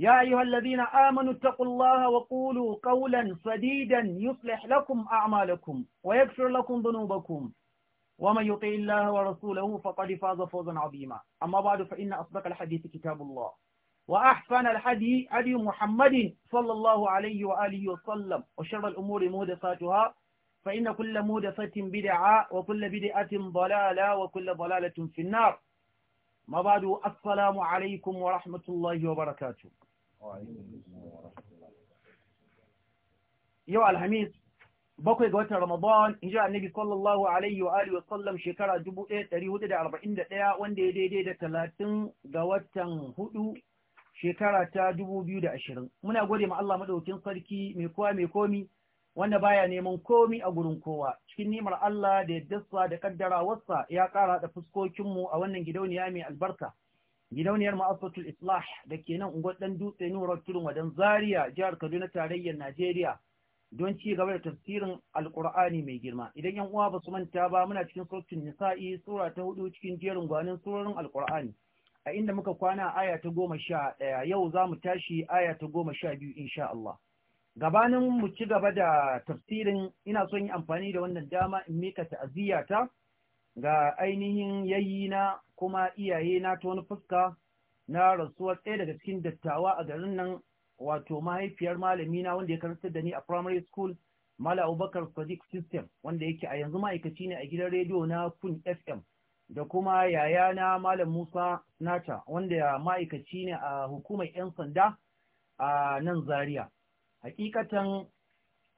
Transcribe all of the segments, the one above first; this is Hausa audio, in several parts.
يا أيها الذين آمنوا اتقوا الله وقولوا قولا سديدا يصلح لكم أعمالكم ويكفر لكم ذنوبكم ومن يطع الله ورسوله فقد فاز فوزا عظيما أما بعد فإن أصدق الحديث كتاب الله وأحسن الحديث أبي محمد صلى الله عليه وآله وسلم وشر الأمور مهدساتها فإن كل مهدسة بدعة وكل بدعة ضلالة وكل ضلالة في النار ما بعد السلام عليكم ورحمة الله وبركاته yau alhamis bakwai ga watan Ramadan, hijira annabi sallallahu alaihi wa alihi wa sallam shekara 1441 wanda ya daidai da talatin ga watan hudu shekara ta 2020. Muna gode ma Allah madaukin sarki mai kowa mai komi wanda baya neman komi a gurin kowa. Cikin nimar Allah da yaddarsa da kaddarawarsa ya kara da fuskokinmu a wannan gidauniya mai albarka. gidauniyar ma'afatul islah da ke nan unguwar dan dutse nurar Turin wadan zaria jihar kaduna tarayyar najeriya don ci gaba da tafsirin alkur'ani mai girma idan yan uwa ba su manta ba muna cikin sautin nisa'i sura ta hudu cikin jerin gwanin surorin alkur'ani a inda muka kwana aya ta goma sha ɗaya yau za mu tashi aya ta goma sha biyu insha Allah gabanin mu ci gaba da tafsirin ina son yi amfani da wannan dama in mika ta'aziyya ta ga ainihin na kuma iyaye na ta wani fuska na rasuwa ɗaya daga cikin dattawa a garin nan wato mahaifiyar malami na wanda ya karantar da ni a primary school Mala Abubakar Sadiq System wanda yake a yanzu ma'aikaci ne a gidan rediyo na Kun FM da kuma yayana Malam Musa Nata wanda ma'aikaci ne a hukumar 'yan sanda a nan Zaria. Hakikatan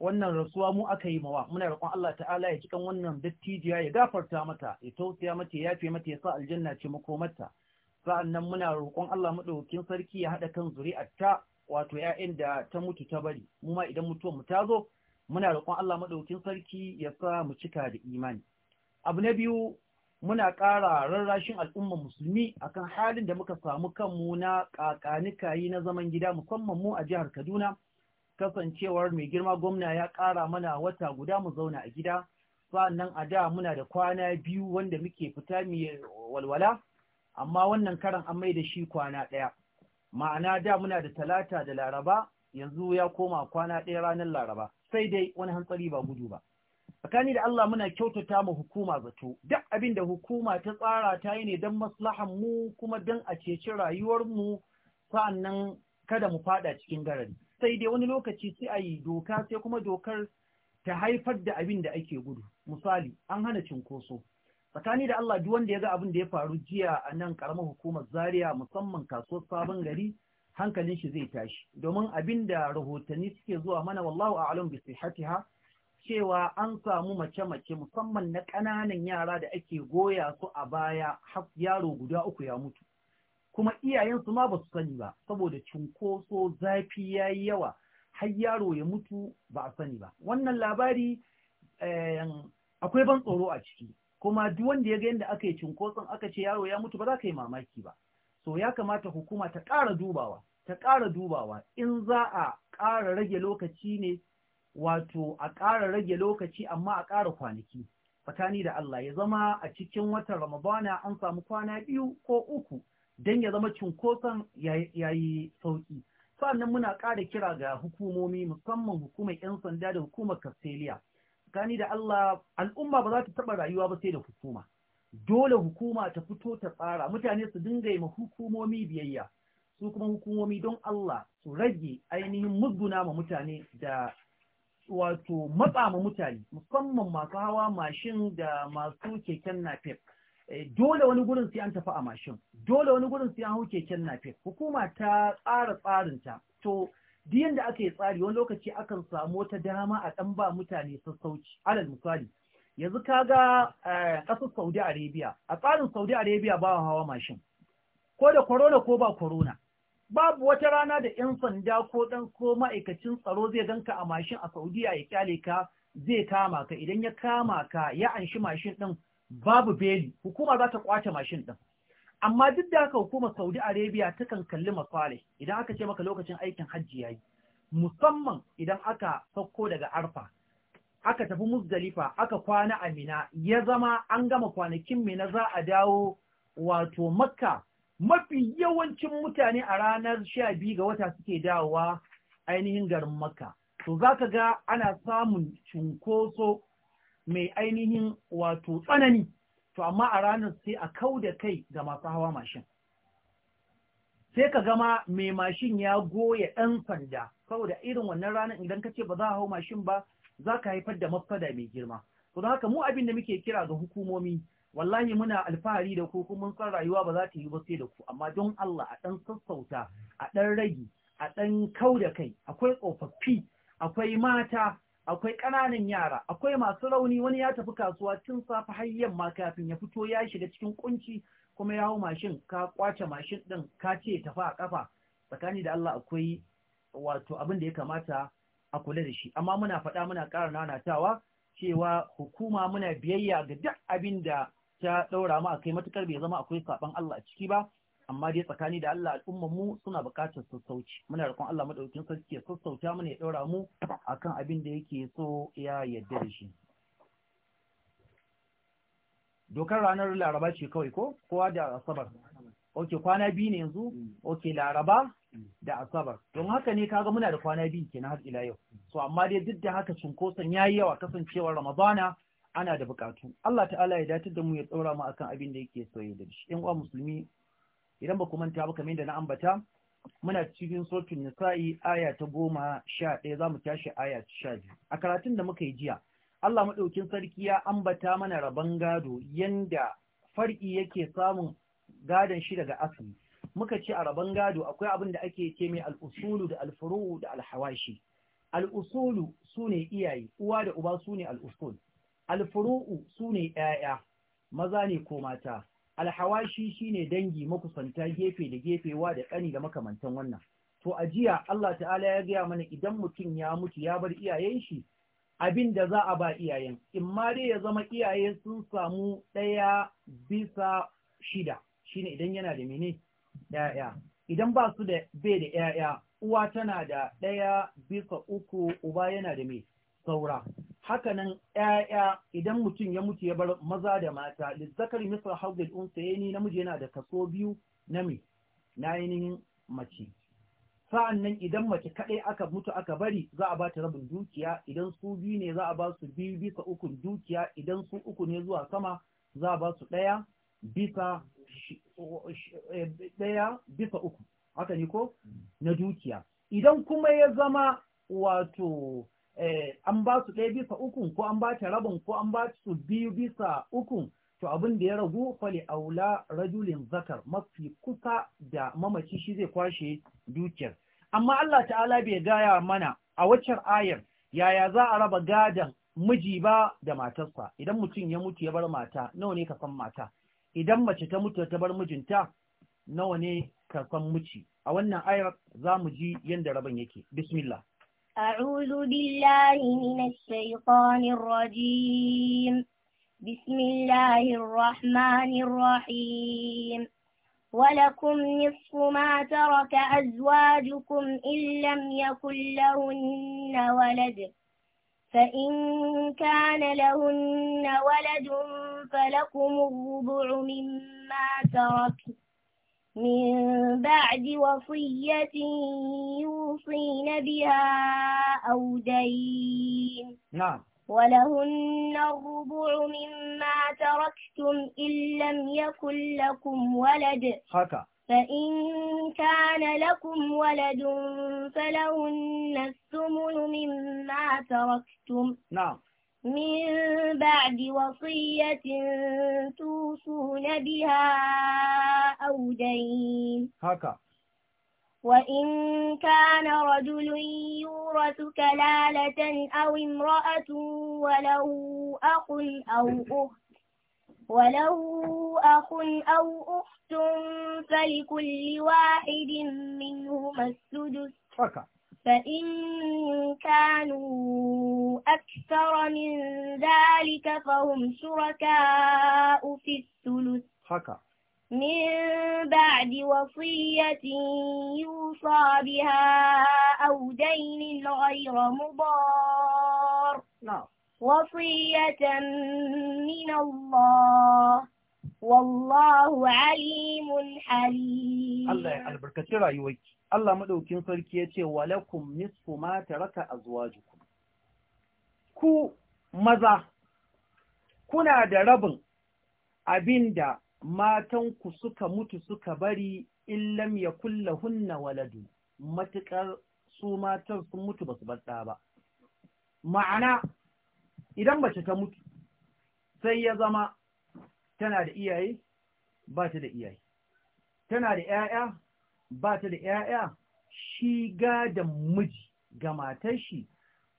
wannan rasuwa mu aka yi mawa muna roƙon Allah ta'ala ya cikan wannan dattijiya ya gafarta mata ya tausaya mata ya yafe mata ya sa aljanna ce makomarta sa'annan muna roƙon Allah madaukakin sarki ya haɗa kan zuri'arta wato ƴaƴan da ta mutu ta bari mu ma idan mutuwar mu ta zo muna roƙon Allah madaukakin sarki ya sa mu cika da imani abu na biyu muna ƙara rarrashin al'umma musulmi akan halin da muka samu kanmu na ƙaƙanikayi na zaman gida musamman mu a jihar Kaduna kasancewar mai girma gwamna ya ƙara mana wata guda mu zauna a gida sa'annan a da muna da kwana biyu wanda muke fita mu walwala amma wannan karan an mai da shi kwana ɗaya ma'ana da muna da talata da laraba yanzu ya koma kwana ɗaya ranar laraba sai dai wani hantsari ba gudu ba tsakani da Allah muna kyautata ma hukuma zato duk abin da hukuma ta tsara ta yi ne don maslahan mu kuma don a ceci rayuwar mu sa'annan kada mu fada cikin garari sai dai wani lokaci sai a yi doka sai kuma dokar ta haifar da abin da ake gudu misali an hana cinkoso tsakani da Allah duk wanda ya ga abin da ya faru jiya a nan karamar hukumar Zaria musamman kasuwar Sabon Gari hankalin shi zai tashi domin abin da rahotanni suke zuwa mana wallahu a'lam bi sihhatiha cewa an samu mace-mace musamman na ƙananan yara da ake goya su a baya har yaro guda uku ya mutu kuma iyayensu ma ba su sani ba saboda cunkoso zafi ya yi yawa har yaro ya mutu ba a sani ba wannan labari eh, akwai ban tsoro a ciki kuma duk wanda ya ga yadda aka yi cunkoson aka ce yaro ya mutu ba za ka yi mamaki ba so ya kamata hukuma ta ƙara dubawa ta ƙara dubawa in za a ƙara rage lokaci ne wato a ƙara rage lokaci amma a ƙara kwanaki tsakani da Allah ya zama a cikin watan Ramadana an samu kwana biyu ko uku don ya zama cunkoson ya yi sauƙi. Sannan muna ƙara kira ga hukumomi musamman hukumar 'yan sanda da hukumar Kastiliya. Gani da Allah al'umma ba za ta taɓa rayuwa ba sai da hukuma. Dole hukuma ta fito ta tsara mutane su dinga ma hukumomi biyayya. Su kuma hukumomi don Allah su rage ainihin musguna ma mutane da wato matsa ma mutane musamman masu hawa mashin da masu keken napep. Eh, dole wani gurin sai an tafi a mashin dole wani gurin sai an hau keken nafe hukuma ta tsara tsarin ta. to duk yanda aka tsari wani lokaci akan samu wata dama a ɗan ba mutane sassauci alal misali yanzu kaga kasar eh, Saudi Arabia a tsarin Saudi Arabia ba hawa mashin ko da corona ko ba corona babu wata rana da 'yan sanda ko dan ko ma'aikacin tsaro zai ganka a mashin a Saudiya ya kyale ka zai kama ka idan ya kama ka ya anshi mashin ɗin babu beli hukuma za ta kwace mashin ɗin. amma duk da haka hukumar Saudi Arabia ta kan kalli masale idan aka ce maka lokacin aikin hajji yayi musamman idan aka sauko daga Arfa aka tafi Muzdalifa aka kwana a Mina ya zama an gama kwanakin Mina za a dawo wato Makka mafi yawancin mutane a ranar sha biyu ga wata suke dawowa ainihin garin Makka to zaka ga ana samun cunkoso mai ainihin wato tsanani to amma a ranar sai a kau da kai ga masu hawa mashin sai ka gama mai mashin ya goya ɗan sanda saboda irin wannan ranar idan ka ce ba za a hau mashin ba za ka haifar da mafada mai girma to haka mu abin da muke kira ga hukumomi wallahi muna alfahari da ku kuma mun san rayuwa ba za ta yi ba sai da ku amma don Allah a ɗan sassauta a ɗan rage a ɗan kau da kai akwai tsofaffi akwai mata akwai ƙananan yara akwai masu rauni wani ya tafi kasuwa tun safe har yamma kafin ya fito ya shiga cikin kunci kuma ya hau mashin ka kwace mashin din ka ce tafi a kafa tsakani da Allah akwai wato abin da ya kamata a kula da shi amma muna faɗa muna ƙara nanatawa cewa hukuma muna biyayya ga duk abin da ta ɗaura mu akai matukar bai zama akwai sabon Allah a ciki ba amma dai tsakani da Allah al'ummar mu suna bukatar sassauci muna roƙon Allah madaukakin sarki ya sassauta mana ya daura mu akan abin da yake so ya yarda da shi dokar ranar laraba ce kawai ko kowa da asabar ok kwana biyu ne yanzu ok laraba da asabar don haka ne kaga muna da kwana biyu kenan har ila yau so amma dai duk da haka cunkoson yayi yawa kasancewar ramadana ana da bukatu Allah ta'ala ya datar da mu ya tsora mu akan abin da yake so ya dace Ɗan uwa musulmi idan ba ku manta ba kamar da na ambata muna cikin sautin nisa'i aya ta goma sha ɗaya za mu tashi aya sha biyu a karatun da muka yi jiya Allah maɗaukin sarki ya ambata mana rabon gado yanda far'i yake samun gadon shi daga asali muka ce a rabon gado akwai abin da ake ce mai al'usulu da alfuru da alhawashi al'usulu su ne iyaye uwa da uba su ne al'usul alfuru'u su ne ‘ya'ya maza ne ko mata alhawashi shine dangi makusanta gefe da gefe wa da ƙani da makamantan wannan to a jiya Allah ta'ala ya gaya mana idan mutum ya mutu ya bar iyayen shi abin da za a ba iyayen in ma dai ya zama iyaye sun samu ɗaya bisa shida shine idan yana da mene ya'ya idan ba su da bai da ya'ya uwa tana da ɗaya bisa uku uba yana da me saura hakanan ‘ya'ya idan mutum ya mutu ya bar maza da mata, lizzakar misal haugil unsa ya ni namiji yana da kaso biyu na mai, na ainihin mace. Sa'an nan idan mace kaɗai aka mutu aka bari za a ba ta rabin dukiya, idan su biyu ne za a ba su biyu bisa ukun dukiya, idan su uku ne zuwa sama za a ba su ɗaya bisa e, ɗaya bisa uku, haka ne ko? Hmm. Na dukiya. Idan kuma ya zama wato Eh, an ba su ɗaya bisa ukun ko an ba ta rabin ko an ba su biyu bisa ukun to abin da ya ragu fali aula rajulin zakar mafi kusa da mamaci shi zai kwashe dukiyar amma Allah ta'ala bai gaya mana a waccan ayar yaya za a raba gadon miji ba da matarsa idan mutum ya mutu ya bar mata nawa ne ka san mata idan mace ta mutu ta bar mijinta nawa ne ka san miji a wannan ayar za mu ji yadda rabin yake bismillah أعوذ بالله من الشيطان الرجيم بسم الله الرحمن الرحيم ولكم نصف ما ترك أزواجكم إن لم يكن لهن ولد فإن كان لهن ولد فلكم الربع مما تركت من بعد وصية يوصين بها أو دين نعم ولهن الربع مما تركتم إن لم يكن لكم ولد حكا فإن كان لكم ولد فلهن الثمن مما تركتم نعم من بعد وصية توصون بها أو دين هكا وإن كان رجل يورث كلالة أو امرأة وله أخ أو أخت وله أخ أو أخت فلكل واحد منهما السدس فإن كانوا أكثر من ذلك فهم شركاء في الثلث حكا من بعد وصية يوصى بها أو دين غير مضار نعم وصية من الله والله عليم حليم الله الله رأيوك Allah maɗaukin sarki ya ce, Walakum nisfu ma taraka a zuwa Ku maza, kuna da rabin abin da matanku suka mutu suka bari illam ya kulla hunna waladu, matuƙar su matan sun mutu basu su ba. Ma'ana, idan mace ta mutu, sai ya zama tana da iyaye, ba ta da iyaye. Tana da ‘ya'ya, ba ta da ‘ya'ya shi gadon miji ga matar shi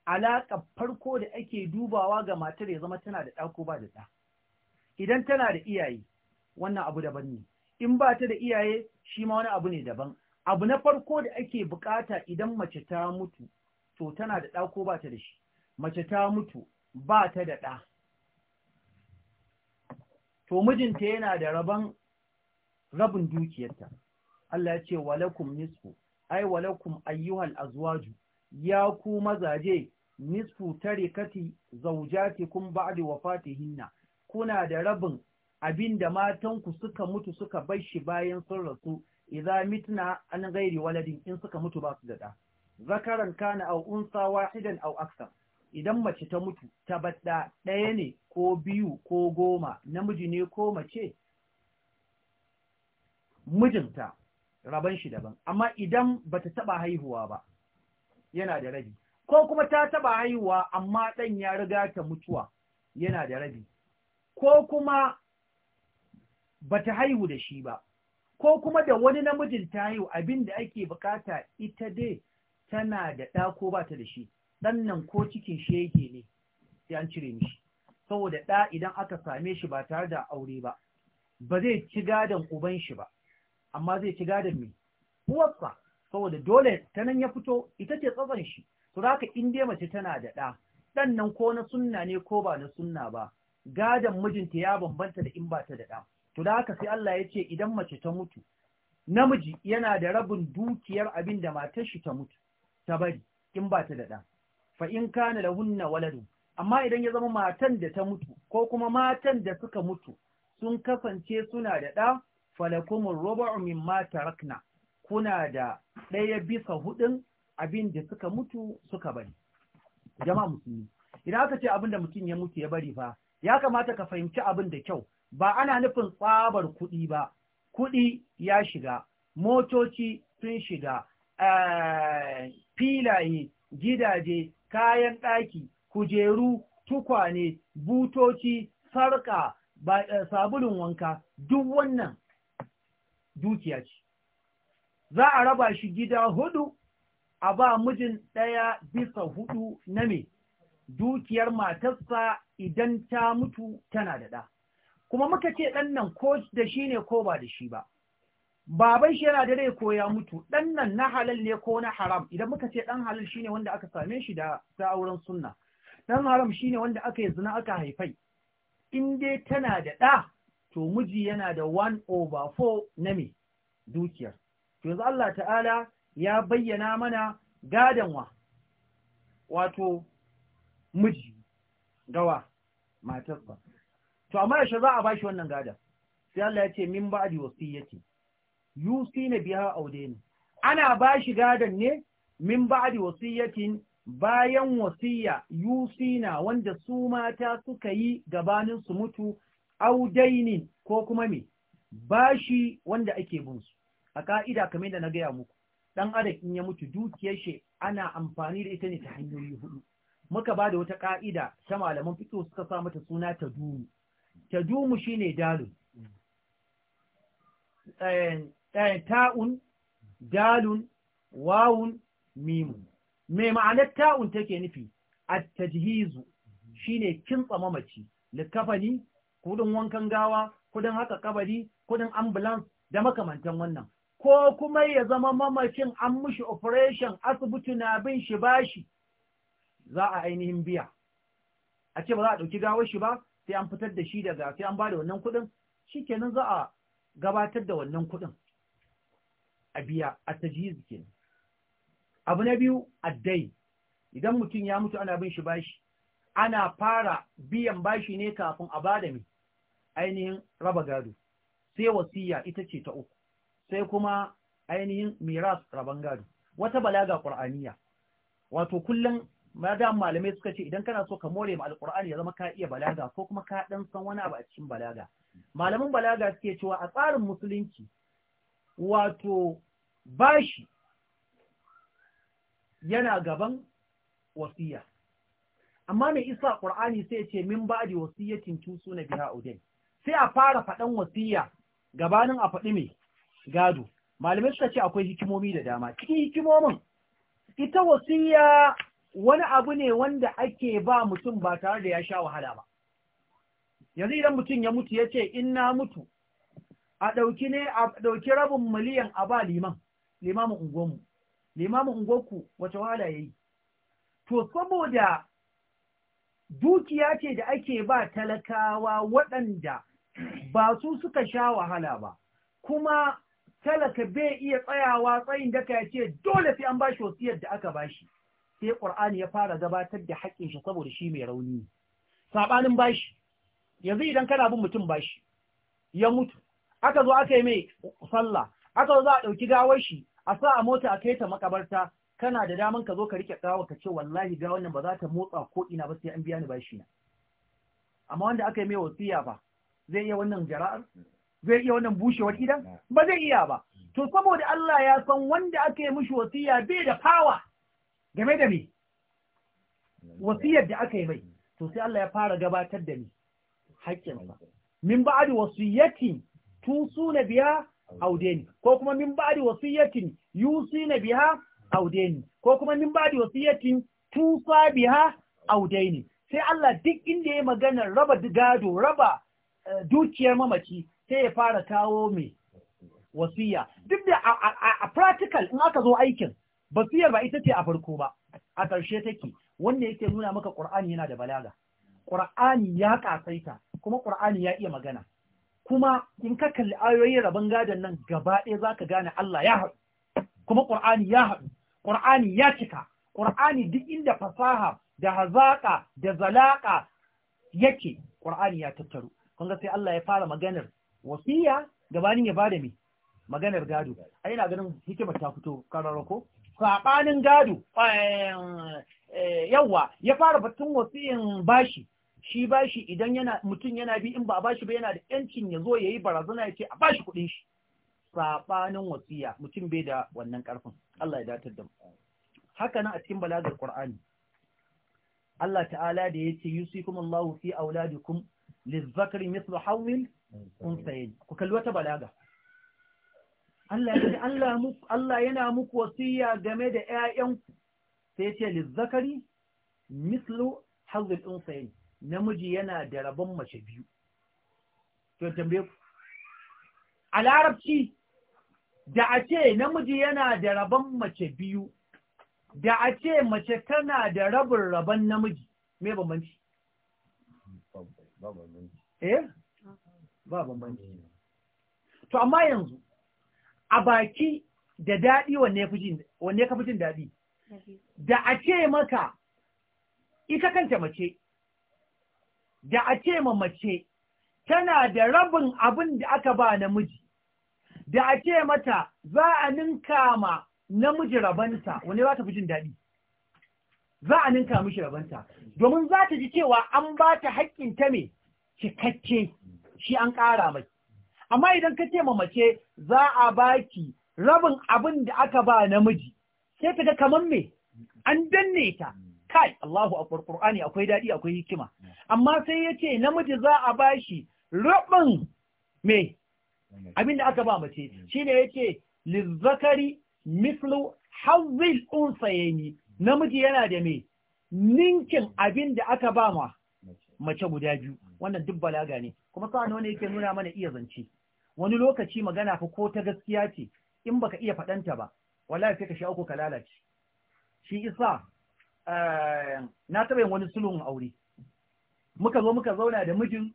alaƙa farko da ake dubawa ga matar ya zama tana da ɗako ba da ɗa. Idan tana da iyaye, wannan abu daban ne. In ba ta da iyaye, shi ma wani abu ne daban. Abu na farko da ake buƙata idan mace ta mutu, to tana da ɗako ba ta da shi. Mace ta mutu ba ta da ɗa. To mijinta yana da rabon rabin dukiyarta. Allah ya ce walakum nisfu ay walakum ayyuhal azwaju ya ku mazaje nisfu tarikati zawjatikum badi wafatihinna kuna da rabin abinda matanku suka mutu suka bar shi bayan sun rasu idza mitna an ghairi waladin in suka mutu ba su da da zakaran kana aw unsa wahidan aw aksar idan mace ta mutu ta badda ɗaya ne ko biyu ko goma namiji ne ko mace mijinta raban shi daban amma idan bata taba haihuwa ba yana da rabi ko kuma ta taba haihuwa amma ɗan ya riga ta mutuwa yana da rabi ko kuma bata haihu da shi ba ko kuma da wani namijin ta haihu abin da ake bukata ita dai tana da ɗa ko ba ta da shi ɗan nan ko cikin shege ne sai an cire mishi saboda ɗa idan aka same shi ba tare da aure ba ba zai ci gadon uban shi ba amma zai ci gadon mai uwarsa saboda dole ta nan ya fito ita ce tsatson shi to zaka in dai mace tana da ɗa ɗan nan ko na sunna ne ko ba na sunna ba gadon mijinta ya bambanta da in ba ta da ɗa to da haka sai Allah ya ce idan mace ta mutu namiji yana da rabin dukiyar abin da matar shi ta mutu ta bari in ba ta da ɗa fa in kana lahunna waladun amma idan ya zama matan da ta mutu ko kuma matan da suka mutu sun kasance suna da ɗa falakumur rubu'u mimma tarakna kuna da ɗaya bisa hudun abin da suka mutu suka bari jama'a musulmi idan aka ce abin da mutum ya mutu ya bari fa ya kamata ka fahimci abin da kyau ba ana nufin tsabar kuɗi ba kuɗi ya shiga motoci sun shiga eh, filaye gidaje kayan ɗaki kujeru tukwane butoci sarƙa eh, sabulun wanka duk wannan dukiya ce za a raba shi gida hudu a ba mijin ɗaya bisa hudu na me dukiyar matarsa idan ta mutu tana da ɗa kuma muka ce ɗan nan ko da shi ne ko ba da shi ba baban shi yana da rai ko ya mutu ɗan nan na halal ne ko na haram idan muka ce ɗan halal shi ne wanda aka same shi da ta auren sunna ɗan haram shi ne wanda aka yi zina aka haifai in dai tana da ɗa to miji yana da 1 over 4 na me dukiyar to yanzu Allah ta'ala ya bayyana mana gadanwa wato miji gawa matarsa to amma yashe za a bashi wannan gada sai Allah ya ce min ba'di wasiyati yusina biha ne. ana bashi gadon ne min ba a ba'di wasiyatin bayan wasiya yusina wanda su mata suka yi gabanin su mutu audainin ko kuma me bashi wanda ake bin a ka'ida kamar da na gaya muku dan adam in ya mutu dukiyar shi ana amfani da ita ne ta hanyoyi hudu muka ba da wata ka'ida ta malaman fiqh suka sa mata suna tadumu tadumu shine dalun eh, eh, ta'un dalun wawun mimun me ma'anar ta'un take nufi at-tajhizu shine kintsa mamaci likafani kudin wankan gawa kudin haka kabari kudin ambulance da makamantan wannan ko kuma ya zama mamakin an mushi operation asibiti na bin shi bashi za a ainihin biya a ce ba za a ɗauki gawar shi ba sai an fitar da shi daga sai an ba da wannan kuɗin kenan za a gabatar da wannan kuɗin a biya a tajiyiz kenan abu na biyu addai idan mutum ya mutu ana bin shi bashi ana fara biyan bashi ne kafin a bada mai ainihin raba gado sai wasiya ita ce ta uku sai kuma ainihin miras raban gado wata balaga qur'aniya wato kullum madan malamai suka ce idan kana so ka more ma alqur'ani ya zama ka iya balaga ko kuma ka dan san wani abu a cikin balaga malamin balaga suke cewa a tsarin musulunci wato bashi yana gaban wasiya amma mai isa qur'ani sai ya ce min ba'di wasiyatin tusuna biha udai sai a fara faɗan wasiya gabanin a faɗi mai gado malamai suka ce akwai hikimomi da dama cikin hikimomin ita wasiya wani abu ne wanda ake ba mutum ba tare da ya sha wahala ba yanzu idan mutum ya mutu ya ce in na mutu a ɗauki ne a ɗauki rabin miliyan a ba liman limamin ungonmu limamin unguwanku wace wahala ya yi to saboda dukiya ce da ake ba talakawa waɗanda ba su suka sha wahala ba kuma talaka bai iya tsayawa tsayin daka ya ce dole sai an ba shi wasiyar da aka ba shi sai Qur'ani ya fara gabatar da haƙƙin shi saboda shi mai rauni sabanin bashi yanzu idan kana bin mutum bashi ya mutu aka zo aka yi mai sallah aka zo za a ɗauki gawar shi a sa a mota a kai ta makabarta kana da daman ka zo ka riƙe gawar ka ce wallahi ga wannan ba za ta motsa ko ina ba sai an biya ni bashi na amma wanda aka yi mai wasiya ba zai iya wannan jara'ar hmm. zai iya wannan bushewar hmm. idan hmm. ba zai iya ba to saboda Allah ya san wanda aka yi mishi wasiya bai da fawa game da me wasiyar da aka yi mai to sai Allah ya fara gabatar da ni haƙƙinsa min ba'di su na biya audeni ko kuma min ba'di wasiyatin yusina biya audeni ko kuma min ba'di tu tusa biha audeni sai Allah duk inda ya yi magana raba gado raba Eh, dukiyar mamaci sai ya fara kawo mai wasiya duk da a practical in aka zo aikin basiyar ba ita ce a farko ba a ƙarshe take wanda yake nuna maka ƙur'ani yana da balaga ƙur'ani ya ƙasaita kuma ƙur'ani ya iya magana kuma in ka kalli ayoyin rabon gadon nan gaba ɗaya za ka gane Allah ya haɗu kuma ƙur'ani ya haɗu ƙur'ani ya cika ƙur'ani duk inda fasaha da hazaƙa da zalaƙa yake ƙur'ani ya tattaru kun ga sai Allah ya fara maganar wasiya gabanin ya bada me maganar gado ai ina ganin hikimar ta fito kararo ko sabanin gado eh, yawa ya fara batun wasiyin bashi shi bashi idan yana mutum yana bi in ba a bashi ba yana da yancin ya zo yayi barazana ya ce a bashi kuɗin shi sabanin wasiya mutum bai da wannan karfin Allah ya datar da haka nan a cikin balagar Qur'ani Allah ta'ala da yace yusikum Allahu fi auladikum lizzakari mislu hawil unsayin ku kalli wata balaga Allah ya Allah yana muku wasiya game da ƴaƴan sai ya ce lizzakari mislu hawil unsayin namiji yana da rabon mace biyu to tambaye ku a larabci da a ce namiji yana da rabon mace biyu da a ce mace tana da rabon rabon namiji me bambanci Eh? ba bambanci to amma yanzu a baki da daɗi wanne ka fi jin daɗi da a ce maka ita kanta mace da a ce ma mace tana da rabin abin da aka ba namiji da a ce mata za a ninka ma namiji rabanta wanne ba ta fi jin daɗi za a ninka mishi rabanta domin za ta ji cewa an ba ta haƙƙin ta me cikakke shi an ƙara mai amma idan ka ce ma mace za a ba ki rabin abin da aka ba namiji sai ta ga kamar me an danne ta kai Allahu a Qur'ani akwai daɗi, akwai hikima amma sai ya ce namiji za a ba shi, rabin me abin da aka ba mace shi shine yace lizzakari mithlu hazzil ni, namiji yana da mai. ninkin abin da aka ba ma mace guda biyu wannan duk balaga ne kuma sa'an wani yake nuna mana iya zance wani lokaci magana fa ko ta gaskiya ce in baka iya faɗanta ba wallahi sai ka shi uku ka lalace shi isa eh, na taɓa yin wani sulhun aure muka zo muka zauna da mijin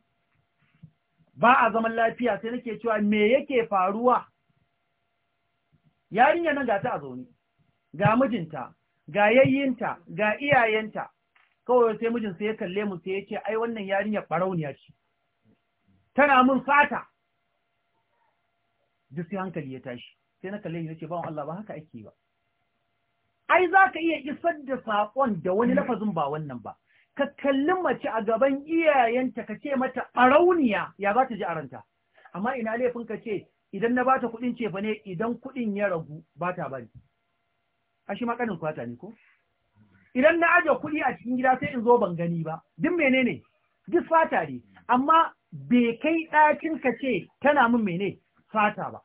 ba a zaman lafiya sai nake cewa me yake faruwa yarinya nan ga ta a zaune ga mijinta ga yayyinta ga iyayenta kawai sai mijin sai ya kalle mu sai ya ce ai wannan yarinya barauniya ce tana mun fata duk sai hankali ya tashi sai na kalle shi nace bawon Allah ba haka ake ba ai za ka iya isar da sakon da wani lafazin ba wannan ba ka kalli mace a gaban iyayenta ka ce mata barauniya ya za ta ji aranta amma ina laifin ka ce idan na bata kuɗin ce ba ne idan kuɗin ya ragu ba ta bari a shi makanin kwata ne ko idan na aje kuɗi a cikin gida sai in zo ban gani ba duk menene duk fata ne amma bai kai ɗakin ka ce tana min mene fata ba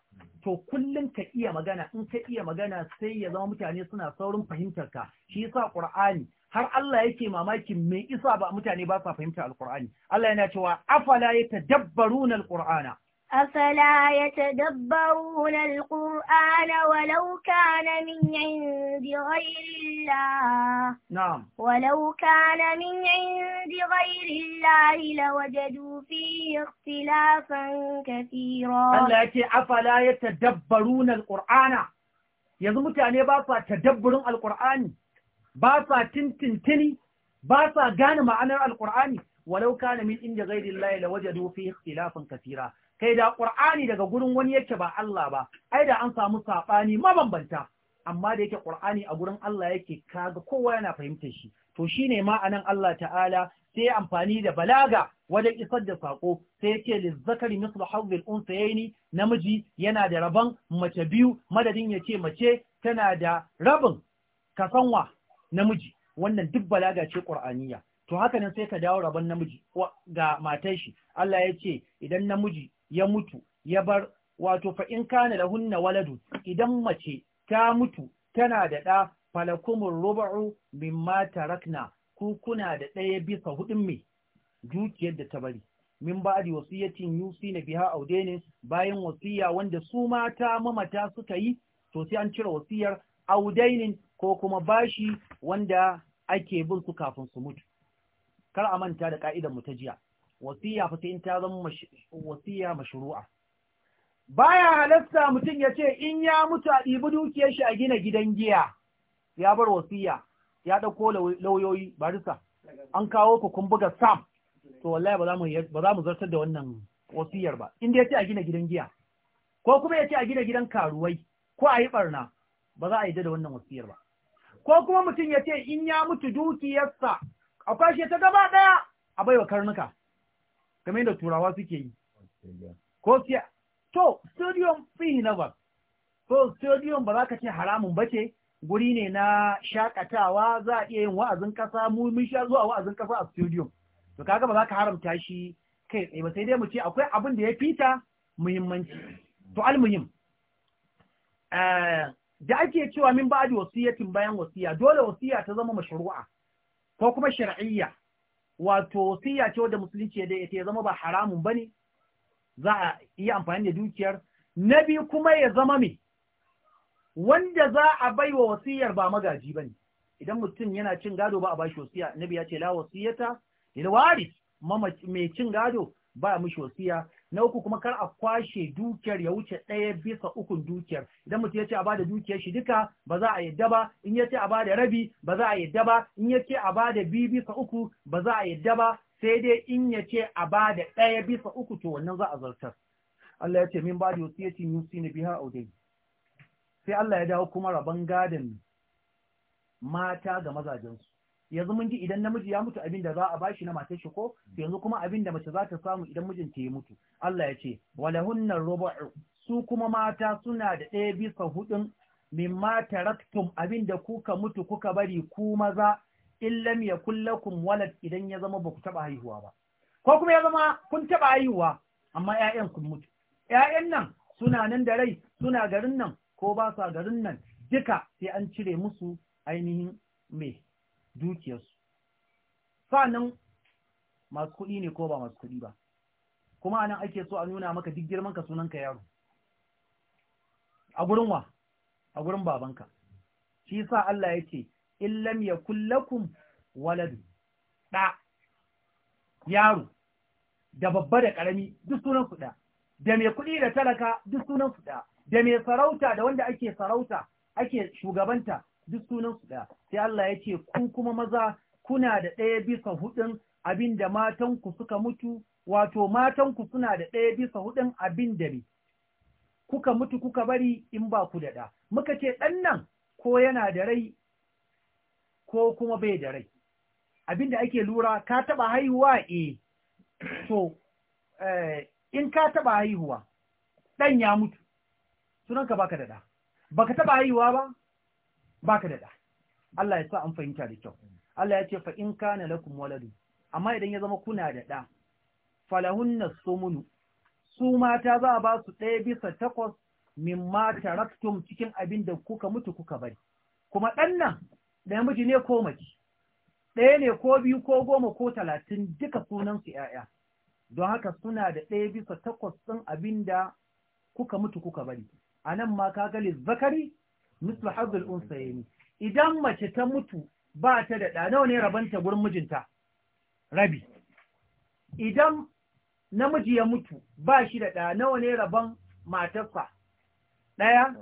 to kullum ka iya magana in ka iya magana sai ya zama mutane suna saurin fahimtar ka shi yasa qur'ani har Allah yake mamakin me isa ba mutane ba sa fahimtar alqur'ani Allah yana cewa afala yatadabbaruna qur'ana. أفلا يتدبرون القرآن ولو كان من عند غير الله نعم ولو كان من عند غير الله لوجدوا فيه اختلافا كثيرا التي أفلا يتدبرون القرآن يظمت أن يبقى تدبر القرآن بقى تنتني بقى قان معنى القرآن ولو كان من عند غير الله لوجدوا فيه اختلافا كثيرا kai da ƙur'ani daga gurin wani yake ba Allah ba ai da an samu saɓani mabambanta amma da yake ƙur'ani a gurin Allah yake kaga kowa yana fahimtar shi to shi ne ma'anan Allah ta'ala sai amfani da balaga wajen isar da saƙo. sai yake lizzakari mislu Un unsayni namiji yana da rabon mace biyu madadin ya ce mace tana da rabin kasanwa namiji wannan duk balaga ce qur'aniya to haka nan sai ka dawo rabon namiji ga matar shi Allah ya ce idan namiji ya mutu ya bar wato fa in kana lahunna waladu idan mace ta mutu tana da ɗa falakumur rub'u mimma tarakna ku kuna da ɗaya bisa hudun mai dukiyar da ta bari min ba'di wasiyatin na biha audenin bayan wasiya wanda su mata mamata suka yi to sai an cire wasiyar audainin ko kuma bashi wanda ake bin su kafin su mutu kar a manta da ka'idar mu ta jiya wasiya fa sai in ta zama wasiya mashru'a baya halatta mutum ya ce in ya mutu a ɗibi dukiyar shi a gina gidan giya ya bar wasiya ya ɗauko lauyoyi barisa an kawo ku kun buga sam to wallahi ba za mu zartar da wannan wasiyar ba inda ya ce a gina gidan giya ko kuma ya ce a gina gidan karuwai ko a yi barna ba za a yi da wannan wasiyar ba ko kuma mutum ya ce in ya mutu dukiyarsa a kwashe ta gaba ɗaya a baiwa karnuka game da turawa suke yi ko siya to stadium fihi ba, to stadium ba za ka ce haramun ba ce guri ne na shakatawa za a iya yin wa'azin ƙasa. mu mun sha zuwa wa'azin ƙasa a stadium to kaga ba za ka haramta shi kai tsaye ba sai dai mu ce akwai abin da ya fita muhimmanci to almuhim eh, da ake cewa min ba ji wasiyyatin bayan wasiya dole wasiya ta zama mashuru'a ko kuma shar'iyya wato siya ce wadda musulunci ya daidaita ya zama ba haramun ba ne za a iya amfani da dukiyar na biyu kuma ya zama mai. wanda za a bai wa wasiyar ba magaji ba ne idan mutum yana cin gado ba a ba shi wasiya nabi ya ce la wasiyata lil mai cin gado ba a mishi wasiya na uku kuma kar a kwashe dukiyar ya wuce ɗaya bisa ukun dukiyar idan mutum ya ce a bada dukiyar shi duka ba za a yadda ba in ya ce a bada rabi ba za a yadda ba in ya ce a bada biyu bisa uku ba za a yadda ba sai dai in ya ce a bada ɗaya bisa uku to wannan za a zartar Allah ya ce min ba da na yusina biha audai sai Allah ya dawo kuma rabon gadon mata ga mazajensu yanzu mun ji idan namiji ya mutu abin da za a bashi na matar shi ko yanzu kuma abin da mace za ta samu idan mijinta ya mutu Allah ya ce walahunna rubu'u su kuma mata suna da ɗaya bisa hudun min taraktum abin da kuka mutu kuka bari ku maza illam yakul lakum walad idan ya zama baku taba haihuwa ba ko kuma ya zama kun taba haihuwa amma ƴaƴan kun mutu ƴaƴan nan suna nan da rai suna garin nan ko ba sa garin nan duka sai an cire musu ainihin me dukiyarsu sa'annan masu kuɗi ne ko ba masu kuɗi ba kuma anan ake so a nuna maka duk girman ka sunanka yaro a gurin wa a gurin babanka shi sa Allah yake in illam ya lakum waladu da yaro da babba da ƙarami duk sunan su da mai kuɗi da talaka duk sunan su da mai sarauta da wanda ake sarauta ake shugabanta duk sunan su ɗaya sai Allah ya ce ku kuma maza kuna da ɗaya bisa hudun abin da matanku suka mutu wato matanku suna da ɗaya bisa hudun abin da ne kuka mutu kuka bari in ba ku da ɗa muka ce ɗan nan ko yana da rai ko kuma bai da rai abin da ake lura ka taɓa haihuwa eh to eh, in ka taɓa haihuwa ɗan ya mutu sunanka baka da ɗa baka taɓa haihuwa ba baka da da Allah ya sa an fahimta da kyau Allah ya ce fa in kana lakum waladu amma idan ya zama kuna da da falahunna sumunu su mata za a ba su ɗaya bisa takwas mata taraktum cikin abin da kuka mutu kuka bari kuma ɗan nan da miji ne ko mace ɗaya ne ko biyu ko goma ko talatin duka sunansu ‘ya'ya, don haka suna da ɗaya bisa takwas ɗin abin da kuka mutu kuka bari, a nan ma kagali zakari misla hadul unsayni idan mace ta mutu ba ta da ɗa nawa ne rabanta gurin mijinta rabi idan namiji ya mutu ba shi da ɗa nawa ne rabon matarsa ɗaya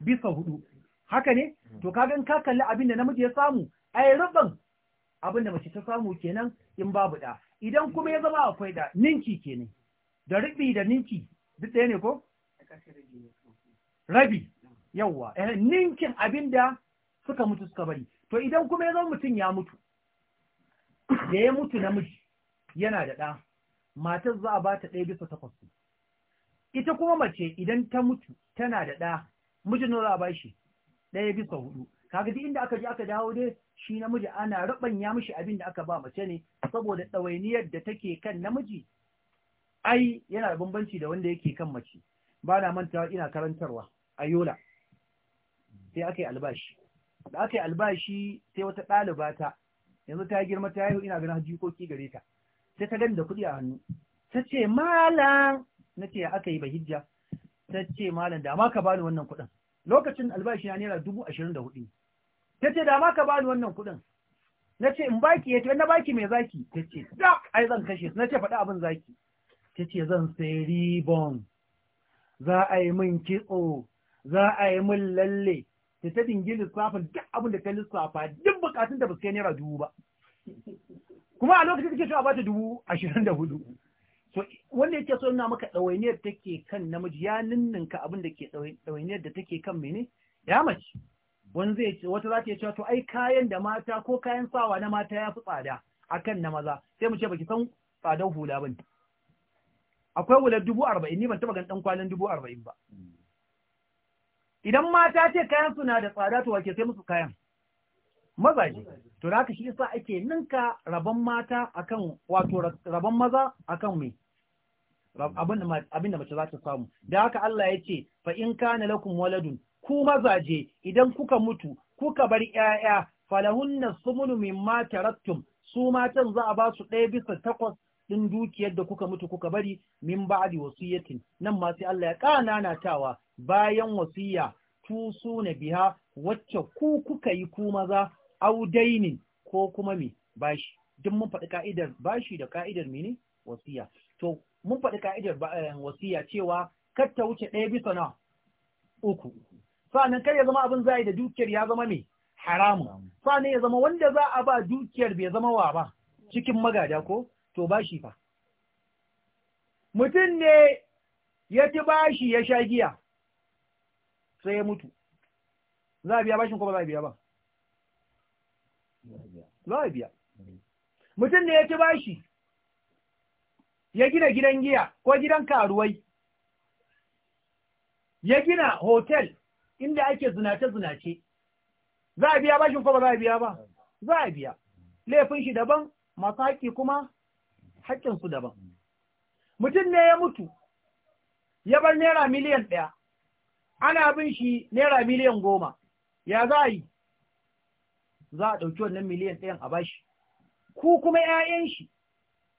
bisa hudu haka ne to kagan ka kalli abin da namiji ya samu ai rabin abin da mace ta samu kenan in babu ɗa idan kuma ya zama akwai da ninki kenan da rubi da ninki duk ɗaya ne ko rabi yawa eh, ninkin abin da suka mutu suka bari to idan kuma ya zama mutum ya mutu da ya mutu namiji yana da ɗa matar za a ba ta ɗaya bisa takwas ita kuma mace idan ta mutu tana da ɗa mijin za a ba shi ɗaya bisa hudu kaga duk inda aka je aka dawo dai shi namiji ana rabanya mishi abin da aka ba mace ne saboda ɗawainiyar da take kan namiji ai yana da bambanci da wanda yake kan mace ba na mantawa ina karantarwa a yola sai aka yi albashi da aka yi albashi sai wata ɗaliba ta yanzu ta girma ta yi ina ganin jikoki gare ta sai ta gani da kuɗi a hannu ta ce malam na ce aka yi bahijja ta ce malam da ma ka bani wannan kuɗin lokacin albashi na naira dubu ashirin da hudu ta ce da ma ka bani wannan kuɗin na ce in baki ya ce na baki mai zaki ta ce da ai zan kashe na ce faɗi abin zaki ta ce zan sai ribon za a yi min kitso za a yi min lalle ta ta dingi lissafin duk abin da ta lissafa duk bukatun da ba su naira dubu ba kuma a lokacin ke so a bata dubu ashirin da hudu so wanda yake so na maka ɗawainiyar take kan namiji ya ninninka abin da ke ɗawainiyar da take kan mene ya mace wani zai ce wata za ta yi to ai kayan da mata ko kayan sawa na mata ya fi tsada akan na maza sai mu ce baki san tsadar hula ne. akwai hular dubu arba'in ni ban taɓa gan ɗan kwalin dubu arba'in ba idan mata ce kayan suna da tsada to wake sai musu kayan mazaje to da haka shi yasa ake ninka rabon mata akan wato rabon maza akan mai abin da mace za ta samu da haka Allah ya ce fa in kana lakum waladun ku mazaje idan kuka mutu kuka bar ƴaƴa falahunna sumunu mimma taraktum su matan za a ba su ɗaya bisa takwas ɗin dukiyar da kuka mutu kuka bari min ba'di wasiyatin nan ma sai Allah ya natawa. bayan wasiya su na biha wacce ku kuka yi ku maza audaini ko kuma me bashi duk mun faɗi ka'idar bashi da ka'idar mene wasiya to mun faɗi ka'idar eh, wasiya cewa kar ta wuce ɗaya bisa na uku sa'annan kar ya zama abin zai da dukiyar ya zama me haramun sa'annan ya zama wanda za a ba dukiyar bai zama wa ba cikin magada ko to bashi fa mutum ne ya ci bashi ya sha giya sai ya mutu za a biya bashin ko ba za a biya ba za a biya mutum ne ya ci bashi ya gina gidan giya ko gidan karuwai ya gina hotel inda ake zinace-zinace za a biya bashin ko ba za a biya ba za a biya laifin shi daban masu haƙƙi kuma haƙƙinsu daban mutum ne ya mutu ya bar naira miliyan ɗaya ana bin shi naira miliyan goma ya za a yi za a ɗauki wannan miliyan ɗayan a bashi ku kuma 'ya'yan shi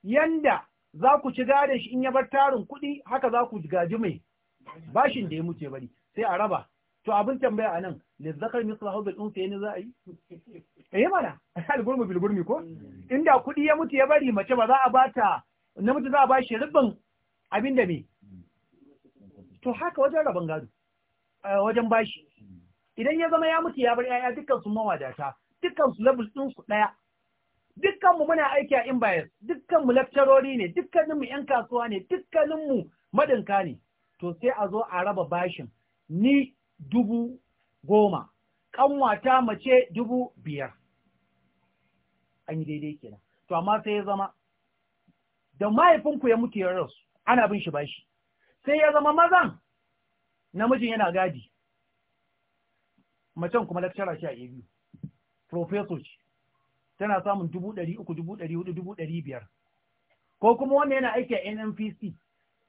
yanda za ku ci gadon shi in ya bar tarin kuɗi haka za ku gaji mai bashin da ya mutu ya bari sai a raba to abin tambaya a nan lizzakar misal hauzar ɗin sai ne za a yi A eh yi mana algurmi bilgurmi ko inda kuɗi ya mutu ya bari mace ba za a bata mutu za a bashi ribin abin da me to haka wajen rabon gado wajen bashi idan ya zama ya mutu ya bar yaya dukkan su mawadata dukkan su level din su daya dukkan mu muna aiki a inbayas dukkan mu lakcarori ne dukkanin mu yan kasuwa ne dukkanin mu madinka ne to sai a zo a raba bashin ni dubu goma kanwata mace dubu biyar an yi daidai kenan to amma sai ya zama da mahaifinku ya mutu ya rasu ana bin shi bashi sai ya zama mazan namijin yana gadi macen kuma lakcara shi a abu professor ce tana samun dubu ɗari uku dubu ɗari hudu dubu ɗari biyar ko kuma wanda yana aiki a nnpc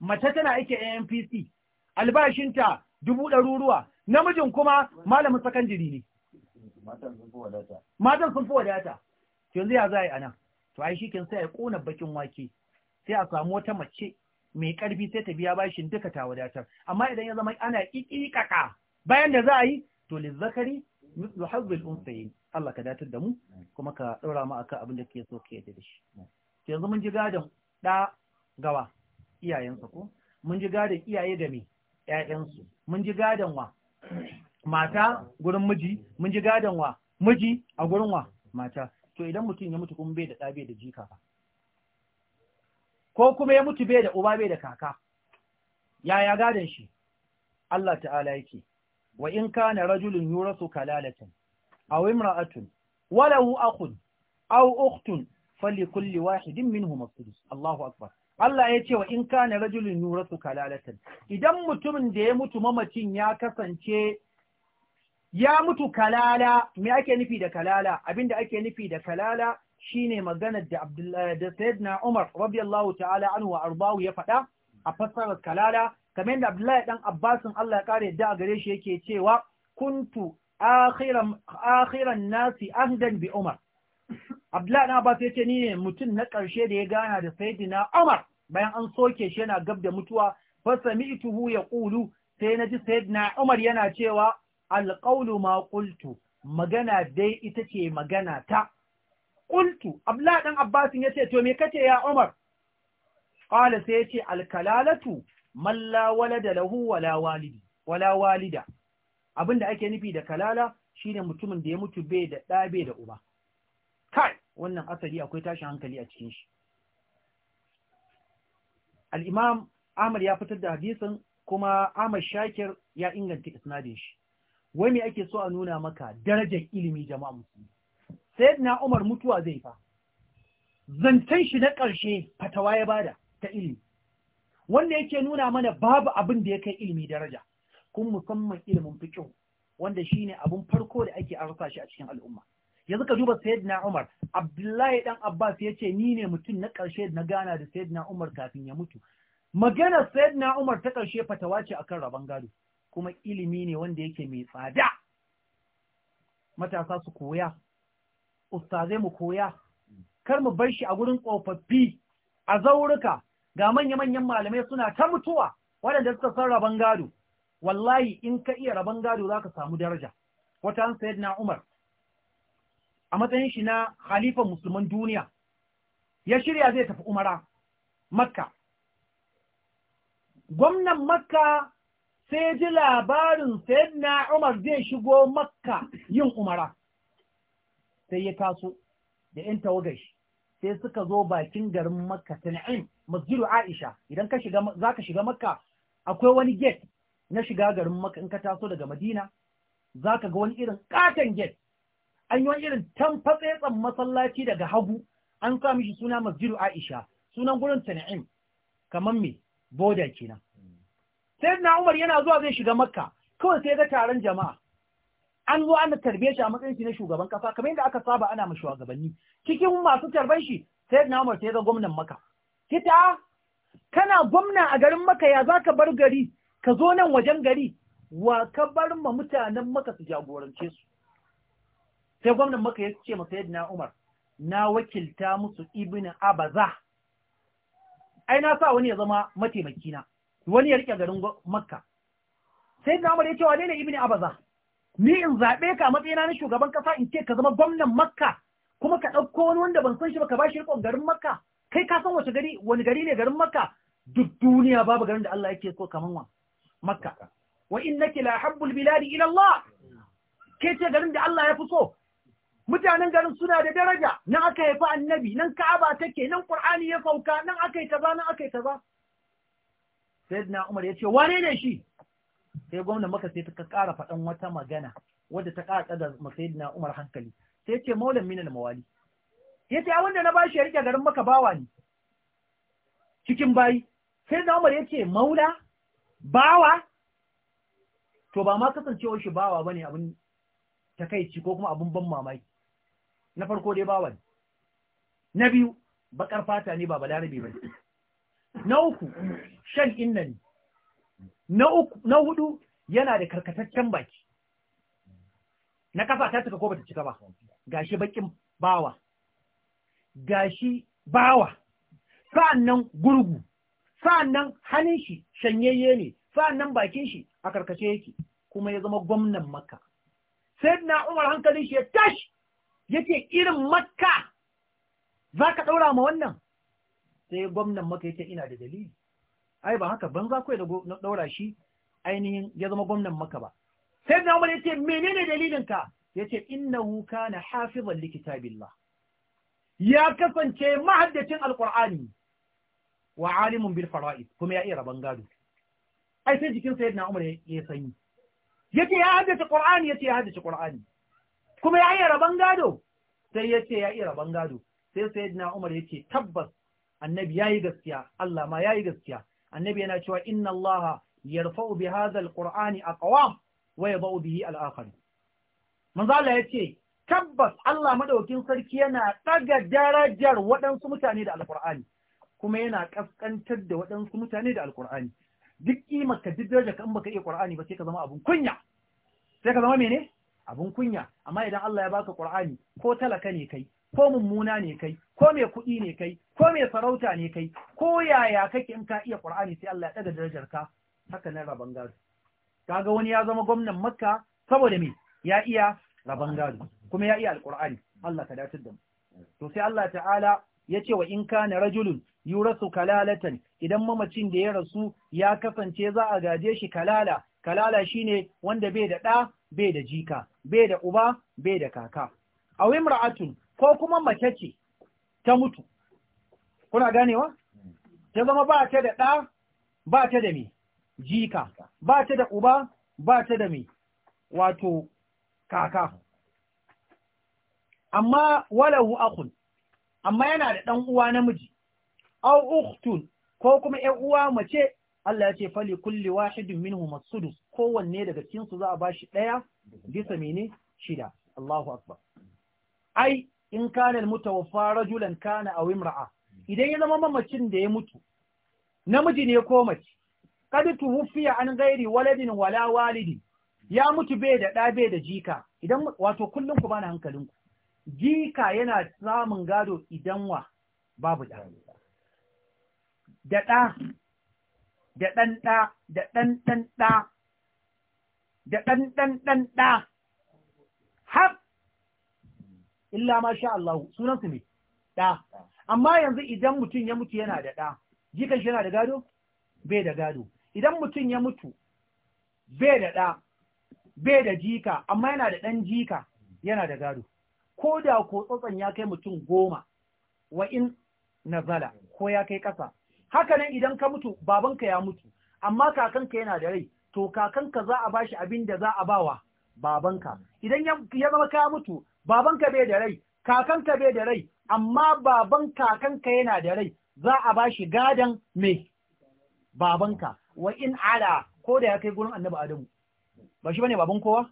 mace tana aiki a nnpc albashinta dubu ɗaruruwa namijin kuma malamin sakandiri ne matan sun fi wadata yanzu ya za a yi ana to ai shi sai ya ƙona bakin wake sai a samu wata mace mai ƙarfi sai ta biya bashin duka ta wadatar amma idan ya zama ana ƙiƙiƙaƙa bayan da za a yi to zakari mithlu hazzul unsayin Allah ka datar da mu kuma ka ɗora mu akan abin da ke so ka yadda da shi to yanzu mun ji gadon da gawa iyayensa ko mun ji gadon iyaye da me ƴaƴansu mun ji gadon wa mata gurin miji mun ji gadon wa miji a gurin wa mata to idan mutum ya mutu kuma bai da ɗa bai da jika ba ko kuma ya mutu bai da uba bai da kaka yaya gadon shi Allah ta'ala yake wa in kana rajulun yurasu kalalatan aw imra'atun wa akhun aw ukhtun falikulli wahidin minhum as-sudus Allahu akbar Allah ya ce wa in kana rajulun yurasu kalalatan idan mutumin da ya mutu mamacin ya kasance ya mutu kalala me ake nufi da kalala abinda ake nufi da kalala Shi ne maganar da Abdullahi da Sayyidina Umar radiyallahu ta'ala anhu wa ardahu ya faɗa a fassarar kalala kamar da Abdullahi dan Abbasin Allah ya yadda da gare shi yake cewa kuntu akhiran akhiran nasi ahdan bi Umar Abdullahi dan Abbas ce ni ne mutum na ƙarshe da ya gana da Sayyidina Umar bayan an soke shi yana gab da mutuwa fa ya ƙulu. sai na ji Sayyidina Umar yana cewa alqawlu ma magana dai ita ce magana ta Ƙultu abla dan abbasin yace to me kace ya umar qala sai yace al kalalatu man da walada lahu wala walidi wala walida abinda ake nufi da kalala shine mutumin da ya mutu bai da ɗa bai da uba kai wannan asali akwai tashin hankali a cikin shi al-imam Ahmad ya fitar da hadisin kuma Ahmad Shakir ya inganta isnadin shi wai me ake so a nuna maka darajar ilimi jama'a musulmi sayyidina Umar mutuwa zai fa zancen shi na ƙarshe fatawa ya bada ta ilimi wanda yake nuna mana babu abin da ya kai ilimi daraja kun musamman ilimin fiƙo wanda shi ne abin farko da ake arsa shi a cikin al'umma yanzu ka duba sayyidina Umar Abdullahi ɗan Abbas ya ce ni ne mutum na ƙarshe na gana da sayyidina Umar kafin ya mutu magana sayyidina Umar ta ƙarshe fatawa ce akan rabon gado kuma ilimi ne wanda yake mai tsada matasa su koya ustazai mu koya kar mu bar shi a gurin tsofaffi a zaurika ga manya-manyan malamai suna ta mutuwa waɗanda suka san rabon gado wallahi in ka iya rabon gado za ka samu daraja wata an sayar na umar a matsayin shi na halifan musulman duniya ya shirya zai tafi umara makka gwamnan makka sai ji labarin sayar na umar zai shigo makka yin umara sai ya taso da ‘yan tawagar shi sai suka zo bakin garin makka sana'in masjidu aisha idan ka shiga za ka shiga makka akwai wani gate na shiga garin makka in ka taso daga madina za ka ga wani irin katon gate an yi wani irin tamfatsetsen masallaci daga hagu an sa mishi suna masjidu aisha sunan gurin sana'in kamar me boda kenan hmm. sai na umar yana zuwa zai shiga makka kawai sai ga taron jama'a an zo ana tarbe shi a matsayin shi na shugaban kasa kamar yadda aka saba ana ma shugabanni cikin masu tarban shi sai na Umar sai ga gwamnan Makka kita kana gwamna a garin Makka ya zaka bar gari ka zo nan wajen gari wa ka bar ma mutanen Makka su jagorance su sai gwamnan Makka ya ce ma Sayyidina Umar na wakilta musu ibn Abaza ai na sa wani ya zama mataimaki na wani ya rike garin Makka sai na Umar ya ce wa ne ibn Abaza ni in zaɓe ka a matsayina na shugaban ƙasa in ce ka zama gwamnan makka kuma ka ɗauko wani wanda ban san shi ba ka bashi riƙon garin makka kai ka san wace gari wani gari ne garin makka duk duniya babu garin da Allah yake so kaman wa makka wa innaki la habbul biladi ila Allah ke ce garin da Allah ya fi so mutanen garin suna da daraja nan aka haifi annabi nan ka'aba take nan qur'ani ya sauka nan aka yi kaza nan aka yi kaza sayyidina umar ya ce wane ne shi sai gwamnan maka sai ta ƙara faɗan wata magana wadda ta ƙara da masayidina umar hankali sai ce maulan na mawali ya ce abinda na bashi ya rike garin maka bawa ne cikin bayi sai na umar ya ce maula bawa to ba ma kasancewar shi bawa bane abin takaici ko kuma abin ban mamaki na farko dai bawa ne na biyu bakar fata ne ba balarabe bane na uku shan inna ne na hudu yana da karkataccen baki na kafa ta cika ko bata cika ba gashi bakin bawa gashi bawa sa'annan gurgu sa'annan hannun shi shanyayye ne sa'annan bakin shi a karkace yake kuma ya zama gwamnan makka sai na umar hankali shi ya tashi yake irin makka za ka ɗaura ma wannan sai gwamnan makka yake ina da dalili ai ba haka ban za ku da ɗaura shi ainihin ya zama gwamnan maka ba sai na umar ya ce menene dalilinka ya ce innahu na hafizan likitabillah ya kasance mahaddacin Alƙur'ani wa alimun bil fara'id kuma ya iya rabon gado ai sai jikin sayyidina umar ya sanyi ya haddace ya haddace ƙur'ani. kuma ya iya rabon gado sai ce ya iya rabon gado sai sayyidina umar yace tabbas annabi yi gaskiya Allah ma yayi gaskiya annabi yana cewa inna allaha yarfa'u bi hadal qur'ani aqwam wa yadau bihi al-akhar manzo Allah yace tabbas Allah madaukin sarki yana daga darajar waɗansu mutane da alqur'ani kuma yana kaskantar da waɗansu mutane da alqur'ani duk kima ka duk daraja kan baka iya qur'ani ba sai ka zama abun kunya sai ka zama mene abun kunya amma idan Allah ya baka qur'ani ko talaka ne kai ko mummuna ne kai ko mai kuɗi ne kai ko mai sarauta ne kai ko yaya kake in ka iya qur'ani sai Allah ya daga darajar ka haka nan rabon gado kaga wani ya zama gwamnan makka saboda me ya iya rabon gado kuma ya iya Alƙur'ani. Allah ka dace da mu to sai Allah ta'ala ya ce wa in kana rajulun yurasu kalalatan idan mamacin da ya rasu ya kasance za a gaje shi kalala kalala shine wanda bai da ɗa bai da jika bai da uba bai da kaka a imra'atun ko kuma mace ce ta mutu kuna ganewa ta zama ba ta da ɗa ba ta da me jika ba ta da uba ba ta da mai wato kaka amma walahu akun amma yana da ɗan uwa namiji aw ukhtun ko kuma ƴan uwa mace Allah ya ce fali kulli wahidin minhum as-sudus kowanne daga cikin su za a bashi ɗaya bisa mene shida Allahu akbar ai in kana al-mutawaffa rajulan kana aw imra'a idan ya zama mamacin da ya mutu namiji ne ko mace tu wufiya an gairi waladin wala walidi ya mutu bai da ɗa bai da jika idan wato kullum ku bani hankalinku jika yana samun gado idan wa babu ɗa da ɗa da ɗan ɗa da ɗan ɗan ɗa da ɗan ɗan ɗan ɗa har illa ma sha Allah sunan su ne ɗa amma yanzu idan mutum ya mutu yana da ɗa jikan shi yana da gado bai da gado idan mutum ya mutu bai da ɗa bai da jika amma yana da ɗan jika yana da gado ko da ko tsotson ya kai mutum goma wa in nazala ko ya kai ƙasa haka nan idan ka mutu babanka ya mutu amma kakanka yana da rai to kakanka za a bashi abin da za a bawa babanka idan ya zama ka mutu babanka bai da rai kakanka bai da rai amma baban kakanka yana da rai za a bashi gadan mai babanka wa in ala ko da ya kai gurin annabi adamu ba shi bane baban kowa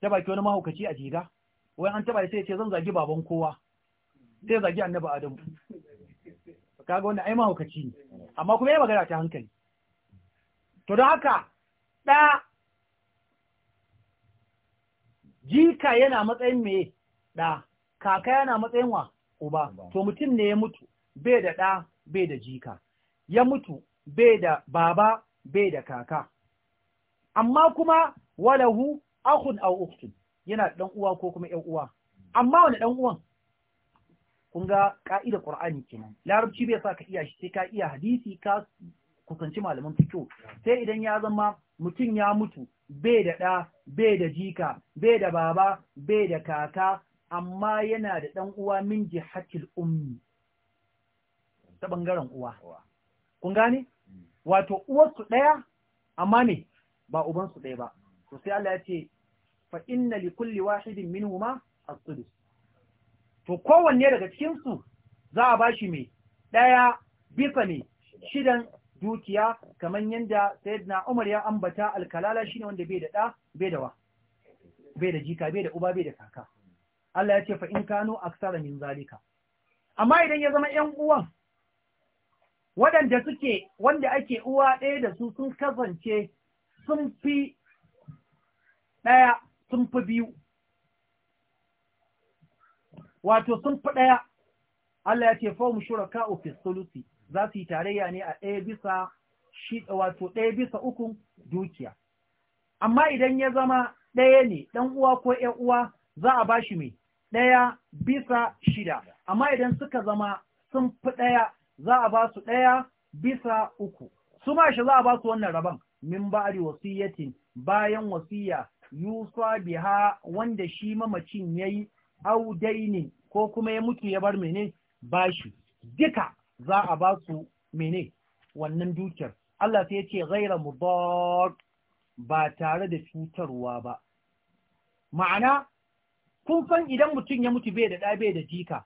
ta baki wani mahaukaci a jiga wai an taba sai ce zan zagi baban kowa sai zagi annabi adamu kaga wannan ai mahaukaci ne amma kuma yayi magana ta hankali to don haka da jika yana matsayin me da kaka yana matsayin wa uba to mutum ne ya mutu bai da da bai da jika ya mutu bai da baba bai da kaka amma kuma walahu Akun aw ukhtun yana dan uwa ko kuma ƴan uwa amma wani dan uwan kun ga ka'ida qur'ani kenan larabci bai sa ka iya shi sai ka iya hadisi ka kusanci malaman fiqh sai idan ya zama mutum ya mutu bai da ɗa bai da jika bai da baba bai da kaka amma yana da ɗan uwa min jihatil ummi ta ɓangaren uwa kun gane wato uwarsu ɗaya amma ne ba ubansu ɗaya ba to sai Allah ya ce fa inna li kulli wahidin minhuma as-sudus to kowanne daga cikin su za a bashi mai ɗaya bisa ne shidan dukiya kamar yanda sayyidina Umar ya ambata al-kalala shine wanda bai da ɗa bai da wa bai da jika bai da uba bai da kaka Allah ya ce fa in kano aksara min zalika amma idan ya zama ƴan uwan waɗanda suke wanda ake uwa ɗaya da su sun kasance sun fi ɗaya sun fi biyu wato sun fi ɗaya Allah ya ce fawon shuraka ofis solusi za su yi tarayya ne a ɗaya bisa wato ɗaya bisa uku dukiya amma idan ya zama ɗaya ne ɗan uwa ko ‘yan uwa za a ba shi mai ɗaya bisa shida amma idan suka zama sun fi ɗaya za a ba su ɗaya bisa uku su ma shi za a ba su wannan rabon min ba wasiyyatin bayan wasiya yusa biha wanda shi mamacin yayi au dainin ko kuma ya mutu ya bar mene shi duka za a ba su mene wannan dukiyar Allah sai ya ce gaira mu ba tare da cutarwa ba ma'ana kun san idan mutum ya mutu bai da ɗa bai da jika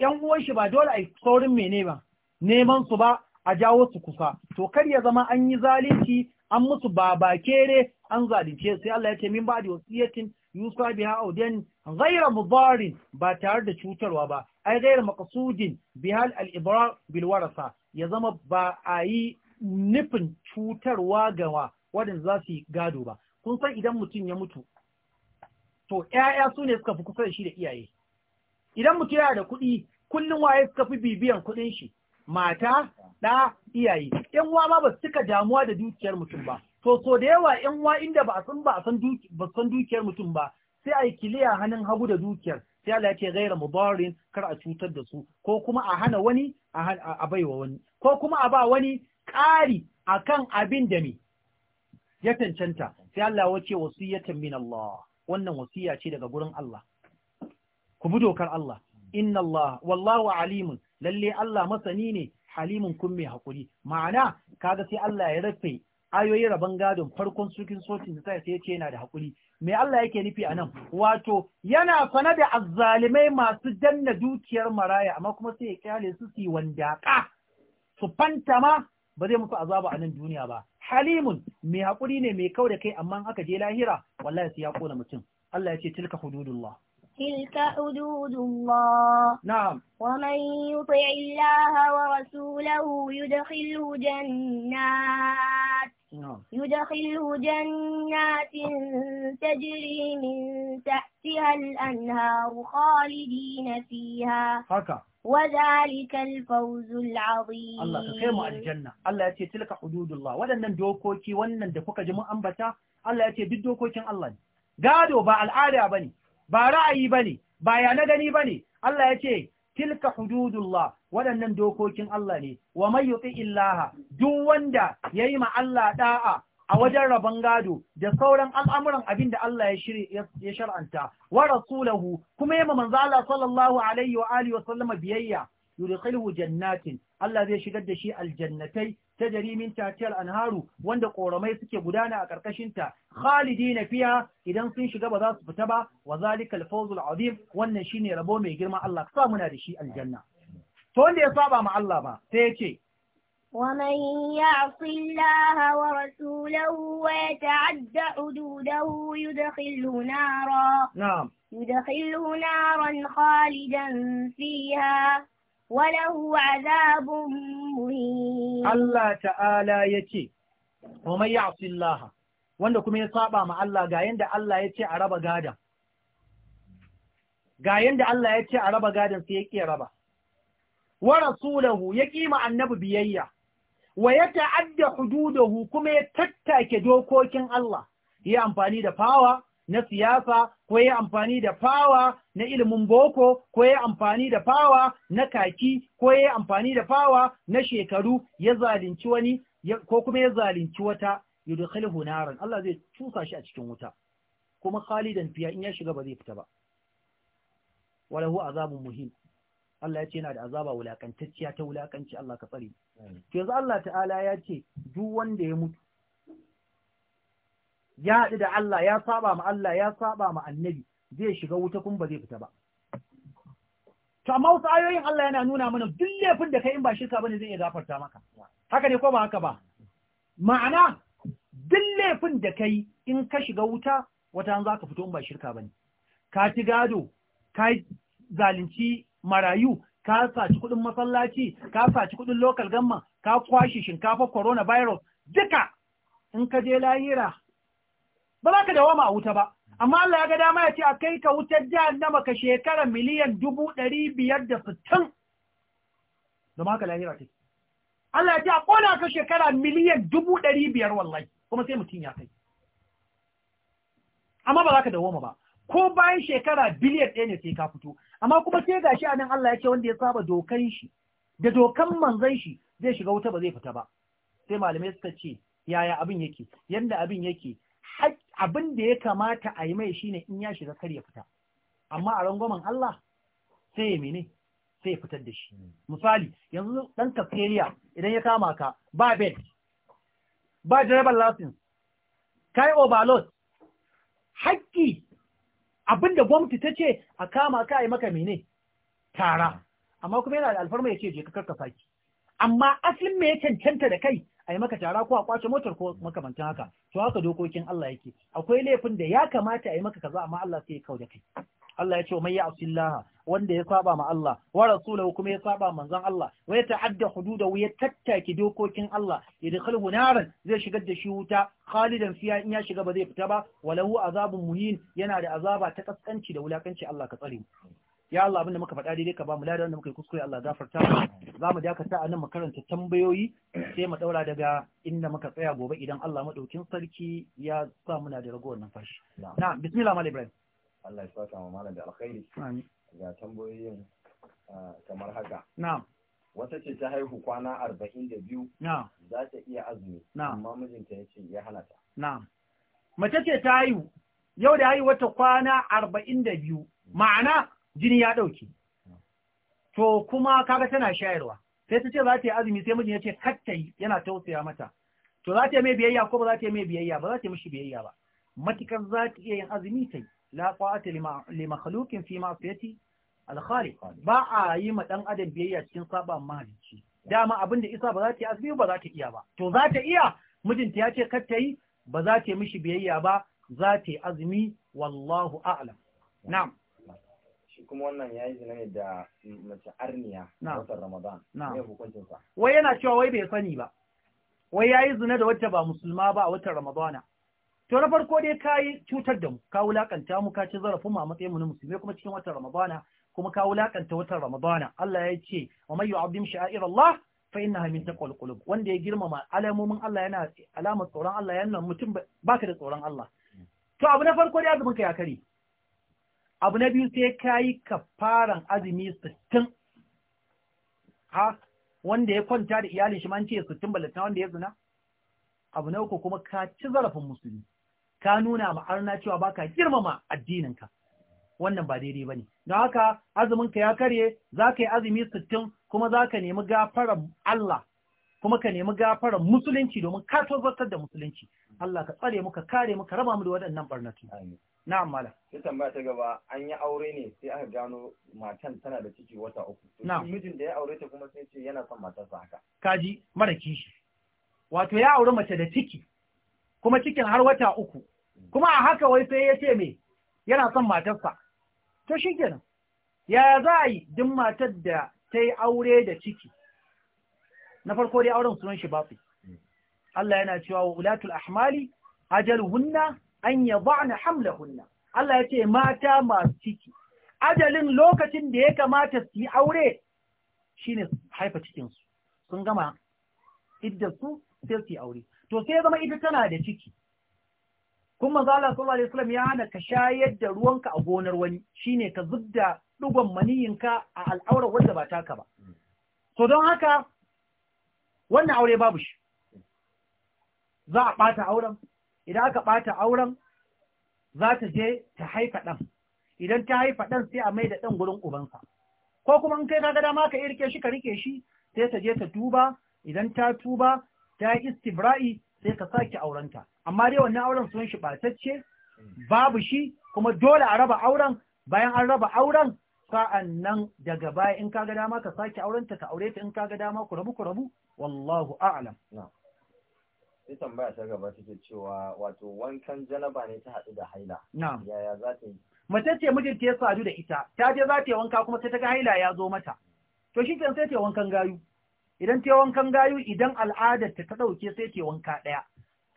‘yan uwan shi ba dole a saurin mene ba neman su ba a jawo su kusa to kar ya zama an yi zalunci an musu babakere an zalunce sai Allah ya ce min ba'di wasiyatin yusa biha audan ghayra mudarin ba tare da cutarwa ba ai ghayra maqsudin bihal al ibra bil warasa ya zama ba a yi nufin cutarwa ga waɗanda za su gado ba kun san idan mutum ya mutu to ‘ya'ya su ne suka fi kusa da shi da iyaye idan mutum yana da kuɗi kullum waye suka fi bibiyan kuɗin shi mata ɗa iyaye yan uwa ma ba su cika damuwa da dukiyar mutum ba to so da yawa yan uwa inda ba san ba san san dukiyar mutum ba sai a yi kiliya hannun hagu da dukiyar sai Allah ya ce gaira mudarin kar a cutar da su ko kuma a hana wani a baiwa wani ko kuma a ba wani ƙari akan abin da me ya cancanta sai Allah wace wasiyatan min Allah wannan wasiya ce daga gurin Allah ku bi dokar Allah inna Allah wallahu alimun lalle Allah masani ne halimin kun mai haƙuri ma'ana kaga sai Allah ya rufe ayoyi rabon gadon farkon sukin sotin da sai yace yana da haƙuri me Allah yake nufi anan wato yana fana da azzalimai masu danna dukiyar maraya amma kuma sai ya kyale su su wandaka su fanta ma ba zai musu azaba a nan duniya ba halimun mai haƙuri ne mai kau da kai amma aka je lahira wallahi sai ya kona mutum Allah ya ce tilka hududullah تلك حدود الله نعم ومن يطع الله ورسوله يدخله جنات نعم. يدخله جنات تجري من تحتها الأنهار خالدين فيها حكا. وذلك الفوز العظيم الله كخيم الجنة الله يتي تلك حدود الله ودنن دوكوكي ونن دفوك جمع أنبتا الله يتي بدوكوكي الله قادوا با العادة بني ba ra'ayi bane ba ya na gani bane Allah ya ce tilka hududullah waɗannan dokokin Allah ne wa may yuti illaha duk wanda yayi ma Allah ɗa'a a wajen rabon gado da sauran al'amuran abin da Allah ya shar'anta wa rasulahu kuma yamma manzo sallallahu alaihi wa sallama biyayya يدخله جنات الله زي شقد شيء الجنتي تجري من تحتها الأنهار وند قورمي سكي بدانا أكركش انت خالدين فيها إذا سن شقب ذات فتبع وذلك الفوز العظيم ونشيني ربومي يقرم الله قصامنا دي شيء الجنة فوند يصابع مع الله ما تيتي ومن يعص الله ورسوله ويتعدى حدوده يدخله نارا نعم يدخله نارا خالدا فيها وله Ta'ala مهين الله تعالى يتي ومن يعصي الله wanda kuma ya saba ma Allah ga yanda Allah ya ce a raba gadan ga yanda Allah ya ce a raba gadan sai ya ƙi raba wa rasulahu ya kima annabi biyayya wa ya ta'adda hududahu kuma ya tattake dokokin Allah ya amfani da fawa na siyasa ko ya amfani da fawa na ilimin boko ko ya amfani da fawa na kaki ko ya amfani da fawa na shekaru ya zalunci wani ko kuma ya zalunci wata yudkhiluhu naran Allah zai tusa shi a cikin wuta kuma khalidan fiya in ya shiga ba zai fita ba walahu azabun muhim Allah ya ce yana da azaba wulakantacciya ta wulakanci Allah ka tsare to yanzu Allah ta'ala ya ce duk wanda ya mutu ya haɗu da Allah ya saba ma Allah ya saba ma annabi zai shiga wuta kuma ba zai fita ba to amma wasu ayoyin Allah yana nuna mana duk laifin da kai in ba shirka bane zai iya gafarta maka haka ne ko ba haka ba ma'ana duk laifin da kai in ka shiga wuta wata an ka fito in ba shirka bane ka ci gado ka zalunci marayu ka saci kuɗin masallaci ka saci kuɗin lokal gamma ka kwashe shinkafa coronavirus duka in ka je lahira ba za ka dawama a wuta ba amma Allah ya ga dama ya ce a kai ka wutar jahannama ka shekara miliyan dubu ɗari biyar da sittin da maka lahira take Allah ya ce a ƙona ka shekara miliyan dubu ɗari biyar wallahi kuma sai mutum ya kai amma ba za ka dawoma ba ko bayan shekara biliyan ɗaya ne sai ka fito amma kuma sai gashi a nan Allah ya ce wanda ya saba dokan shi da dokan manzon shi zai shiga wuta ba zai fita ba sai malamai suka ce yaya abin yake yanda abin yake abin da ya kamata a yi mai shine in ya shiga kar ya fita amma a rangwamen Allah sai ya mene sai ya fitar da shi hmm. misali yanzu ɗan kafteriya idan ya kama ka ba bed ba direban lasin, kai overload hakki da gwamnati ta ce a kama ka a yi maka mene tara amma kuma yana da alfarma ya ce je ka karkasa ki amma asalin me ya cancanta da kai a yi maka tara ko a kwace motar ko makamantan haka to haka dokokin Allah yake akwai laifin da ya kamata a yi maka kaza amma Allah sai ya kauda kai Allah ya ce mai ya asillaha wanda ya saba ma Allah wa rasulahu kuma ya saba manzon Allah wa ya ta'adda da ya tattaki dokokin Allah ya dakhalhu naran zai shigar da shi wuta khalidan fiya in ya shiga ba zai fita ba walahu azabun muhin yana da azaba ta kaskanci da wulakanci Allah ka tsare ya Allah abinda muka faɗa daidai ka ba mu ladan da muka yi kuskure Allah gafarta za mu dakata a nan mu karanta tambayoyi sai mu daura daga inda muka tsaya gobe idan Allah madaukin sarki ya sa muna da ragowar numfashi na bismillah mal ibrahim Allah ya saka mu malam da alkhairi Amin. ga tambayoyin ah, kamar haka na'am wata ce ta haihu kwana arba'in da biyu za ta iya azumi amma mijinta ya ce ya hana ta na'am mace ce ta haihu yau da haihu wata kwana arba'in da biyu ma'ana jini ya ɗauki. To kuma kaga tana shayarwa, sai ta ce za ta yi azumi sai mijin ya ce katta yana tausaya mata. To za ta yi mai biyayya ko ba za ta yi mai biyayya ba za ta yi mishi biyayya ba. Matukar za ta iya yin azumi ta yi, la qa'ata li makhluqin fi ma'siyati al Ba a yi ma ɗan adam biyayya cikin saba mahalicci. Dama abin da isa ba za ta yi azumi ba za ta iya ba. To za ta iya mijinta ya ce katta yi ba za ta yi mishi biyayya ba za ta yi azumi wallahu a'lam. Na'am. shi kuma wannan ya yi zina da mace arniya na watan Ramadan. Na. hukuncin sa? Wai yana cewa wai bai sani ba. Wai ya yi zina da wata ba musulma ba a watan Ramadana. To na farko dai ka yi cutar da mu, ka wulakanta mu, ka ci zarafin mu a matsayin mu na musulmai kuma cikin watan Ramadana, kuma ka wulakanta watan Ramadana. Allah ya ce, "Wa mai yu'azzim sha'air Allah fa innaha min taqwal qulub." Wanda ya girmama alamomin Allah yana alamar tsoron Allah yana mutum baka da tsoron Allah. To abu na farko dai azumin ka ya kare. abu na biyu sai ka yi kafaran azumi sittin ha wanda ya kwanta da iyalin shi man ce sittin balatta wanda ya zina abu na uku kuma ka ci zarafin musulmi ka nuna ma'arna cewa baka girmama addininka wannan ba daidai ba ne don haka azuminka ya karye za ka yi azumi sittin kuma za ka nemi gafarar Allah kuma ka nemi gafarar musulunci domin ka tozartar da musulunci Allah ka tsare muka kare muka raba mu da waɗannan barnatu na'am malam sai tambaya ta gaba an yi aure ne sai aka gano matan tana da ciki wata uku na'am mijin da ya aure ta kuma sai ce yana son matarsa haka kaji mara kishi wato ya aure mace da ciki kuma cikin har wata uku kuma a haka wai sai ya ce me yana son matarsa to shikenan ya za a yi duk matar da ta yi aure da ciki na farko dai auren sunan shi bafi hmm. Allah yana cewa wa ulatul ahmali ajaluhunna an hamla hunna. Allah ya ce mata masu ciki ajalin lokacin da ya kamata su yi aure shine haifa cikinsu, sun gama iddarsu su sai su yi aure to sai zama ita tana da ciki kuma manzo sallallahu alaihi wasallam ya hana ka shayar da ruwanka a gonar wani shine ka zubda dugon maniyinka a al'aurar wanda ba taka ba so don haka wannan aure babu shi za a ɓata auren idan aka ɓata auren za ta je ta haifa ɗan idan ta haifa ɗan sai a mai da ɗan gurin ubansa ko kuma in kai ka ga dama ka irke shi ka rike shi sai ta je ta tuba idan ta tuba ta yi istibra'i sai ka sake aurenta amma dai wannan auren sun shi ɓatacce babu shi kuma dole a raba auren bayan an raba auren sa'an nan daga baya in ka ga dama ka sake aurenta ka aure ta in ka ga dama ku rabu ku rabu wallahu a'lam sai tambaya ta gaba take cewa wato wankan janaba ne ta haɗu da haila yaya za ta yi mace ce mijinta ya sadu da ita ta je za ta yi wanka kuma sai ta ga haila ya zo mata to shi ke sai ta yi wankan gayu idan ta yi wankan gayu idan al'adar ta ɗauke sai ta yi wanka ɗaya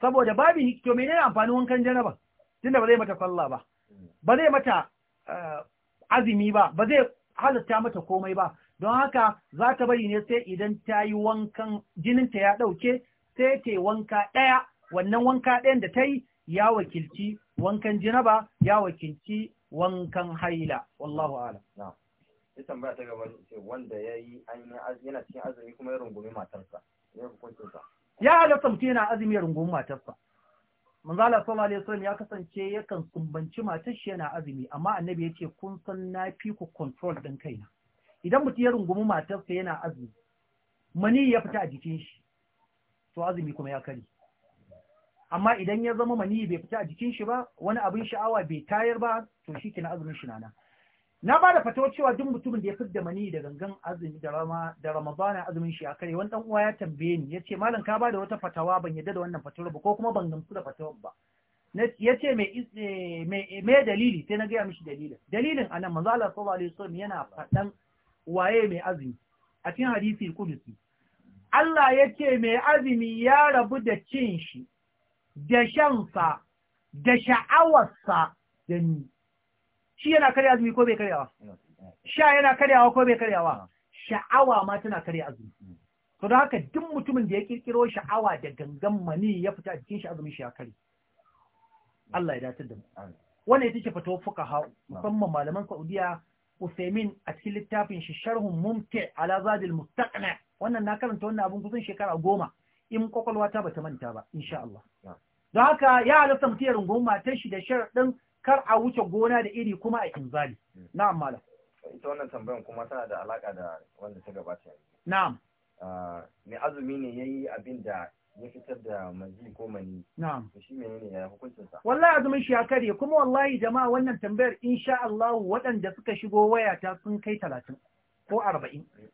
saboda babu to menene amfanin wankan janaba tunda ba zai mata sallah ba mm. ba zai mata eh, azumi ba ba zai halatta mata komai ba don haka za ta bari ne sai idan ta yi wankan jininta ya ɗauke sai ta wanka ɗaya wannan wanka ɗayan da ta yi ya wakilci wankan jinaba ya wakilci wankan haila wallahu ala ya tambaya ta gaba ce wanda ya yi yana cikin azumi kuma ya rungumi matarsa ya sa. ya halatta mutum yana azumi ya rungumi matarsa manzala sallallahu alaihi wasallam ya kasance yakan sumbanci matar shi yana azumi amma annabi ya ce kun san na fi ku control din kaina idan mutum ya rungumi matarsa yana azumi mani ya fita a jikin shi to azumi kuma ya kare amma idan ya zama mani bai fita a jikin shi ba wani abin sha'awa bai tayar ba to shi kina azumin shi nana na ba da fatawa cewa duk mutumin da ya fi mani da gangan azumi da rama da ramadana azumin shi ya kare wani dan uwa ya tambaye ni yace malam ka ba da wata fatawa ban yadda da wannan fatawar ba ko kuma ban gamsu da fatawar ba yace mai eh, mai dalili sai na gaya mishi dalilin dalilin anan manzo Allah sallallahu alaihi wasallam yana fadan waye mai azumi a cikin hadisi kudusi Allah ya ce mai azumi ya rabu da cin shi, da shansa, da sha'awarsa da ni. Shi yana karya azumi ko bai karyawa? Sha yana karyawa ko bai karyawa? Sha'awa ma tana karya azumi. To da haka duk mutumin da ya kirkiro sha'awa da gangan mani ya fita a cikin shi azumi shi ya kare. Allah ya datar da mu. Wannan ita ce fito fuka hau. musamman malaman Saudiya Usaimin a cikin littafin shi sharhun mumti ala zadil mustaqna wannan na karanta wannan abin kusan shekara goma in kwakwalwa ta bata manta ba insha Allah don haka ya halatta mutum ya rungumi matar shi da sharaɗin kar a wuce gona da iri kuma a inzali hmm. na'am malam ita wannan tambayan kuma tana da alaƙa da wanda ta gabata na'am ah, mai azumi ne yi abin da ya fitar da maji ko mani. Na'am. Shi ne ya hukuncinsa. Wallahi azumin shi ya kare kuma wallahi jama'a wannan tambayar insha Allah waɗanda suka shigo wayata sun kai talatin ko arba'in. Hmm.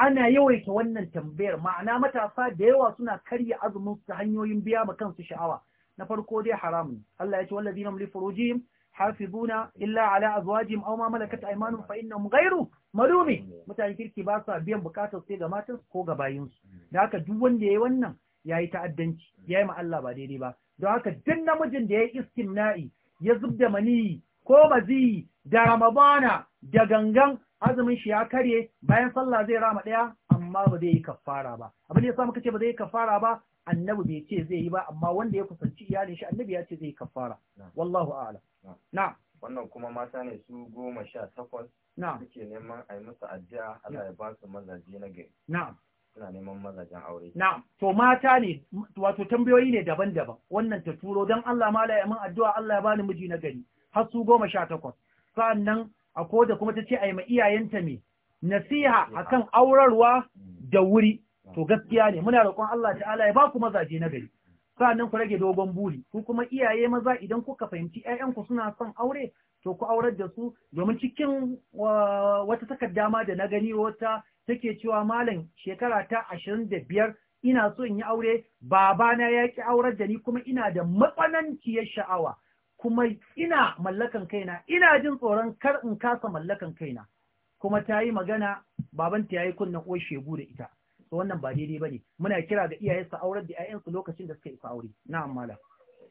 ana yawaita wannan tambayar ma'ana matasa da yawa suna karya azumin su hanyoyin biya ma kansu sha'awa na farko dai haramun Allah ya ce wallazina li furujihim hafizuna illa ala azwajihim aw ma malakat aymanuhum fa innahum ghayru malumi mutane kirki ba sa biyan bukatar sai ga matan ko ga bayin su da haka duk wanda yayi wannan yayi ta'addanci yayi ma Allah ba daidai ba don haka duk namijin da yayi istimna'i ya zubda mani ko mazi da ramadana da gangan azumin shi ya karye bayan sallah zai rama ɗaya amma ba zai yi kafara ba abin da ya muka ce ba zai yi kafara ba annabi bai ce zai yi ba amma wanda ya kusanci iyalin shi annabi ya ce zai yi kafara wallahu a'lam na wannan kuma mata ne su goma sha takwas suke neman a yi musu addu'a Allah ya ba su mazaje na gari na suna neman mazajen aure na to mata ne wato tambayoyi ne daban-daban wannan ta turo dan Allah ma ya min addu'a Allah ya bani miji na gari har su goma sha takwas sa'annan a da kuma ta ce a yi ma iyayenta mai nasiha kan aurarwa mm. da wuri to gaskiya ne muna roƙon Allah ta'ala ya ba ku mazaje na gari sannan ku rage dogon buri ku kuma iyaye maza idan kuka fahimci ƴaƴanku suna son aure to ku aurar da su domin cikin wata takarda ma da na gani wata take cewa malam shekara ta ashirin da biyar ina so in yi aure babana ya ƙi aurar da ni kuma ina da matsananciyar sha'awa kuma ina mallakan kaina ina jin tsoron kar in kasa mallakan kaina kuma ta yi magana babanta ya yi kunnen uwar shegu da ita to wannan ba daidai ne. muna kira ga iyaye su aurar da 'ya'yansu lokacin da suka isa aure na'am malam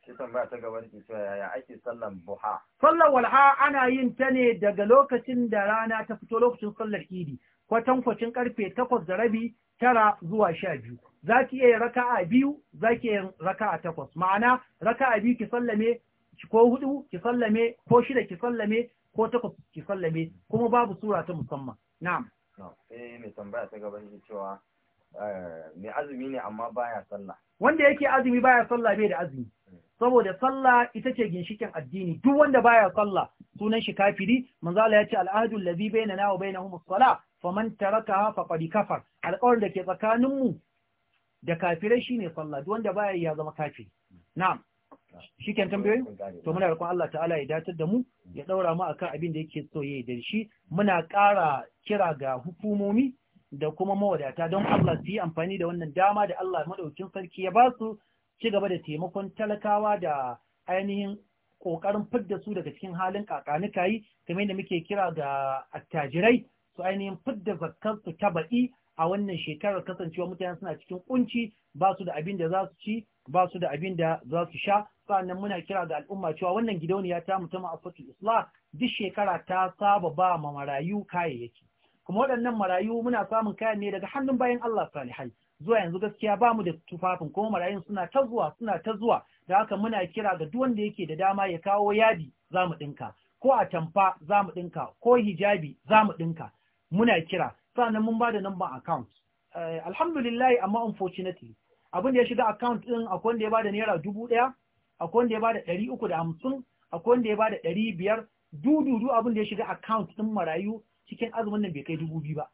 Kisan ba ta gaban da cewa yaya ake sallan buha sallar walha ana yin ta ne daga lokacin da rana ta fito lokacin sallar idi kwatankwacin karfe takwas da rabi tara zuwa sha biyu za ki iya raka'a biyu za ki iya raka'a takwas ma'ana raka'a biyu ki sallame ko hudu ki sallame ko shida ki sallame ko takwas ki sallame kuma babu sura ta musamman na'am Eh mai tambaya ta gaba shi cewa eh, mai azumi ne amma baya sallah wanda yake azumi baya sallah bai da azumi saboda sallah ita ce ginshikin addini duk wanda baya sallah sunan shi kafiri manzo Allah ya ce al'ahdu allazi bainana wa bainahum as-salah faman tarakaha faqad kafar alƙawarin da ke tsakaninmu da kafirai shine sallah duk wanda baya ya zama kafiri na'am shi ken tambayoyi to muna roƙon Allah ta'ala ya datar da mu ya daura mu akan abin da yake so yayi da shi muna ƙara kira ga hukumomi da kuma mawadata don Allah su yi amfani da wannan dama da Allah madaukin sarki ya ba su ci gaba da taimakon talakawa da ainihin kokarin fidda su daga cikin halin kakanika yi kamar da muke kira ga attajirai su ainihin fidda zakkar su ta baƙi, a wannan shekarar kasancewa mutane suna cikin kunci ba su da abin da za su ci ba su da abin da za su sha sannan muna kira ga al'umma cewa wannan gidauniya ta mu a ma'afatul islah duk shekara ta saba ba ma marayu kayayyaki kuma waɗannan marayu muna samun kayan ne daga hannun bayan Allah salihai zuwa yanzu gaskiya ba mu da tufafin kuma marayun suna ta zuwa suna ta zuwa da haka muna kira ga duk wanda yake da dama ya kawo yadi za mu ɗinka ko atamfa za mu ɗinka ko hijabi za mu ɗinka muna kira sannan mun ba da number account eh, alhamdulillah amma unfortunately abin da ya shiga account ɗin akwai wanda ya ba da naira dubu ɗaya akwai wanda ya bada ɗari uku da hamsin akwai wanda ya bada ɗari biyar dududu abin da ya shiga account ɗin marayu cikin azumin nan bai kai dubu biyu ba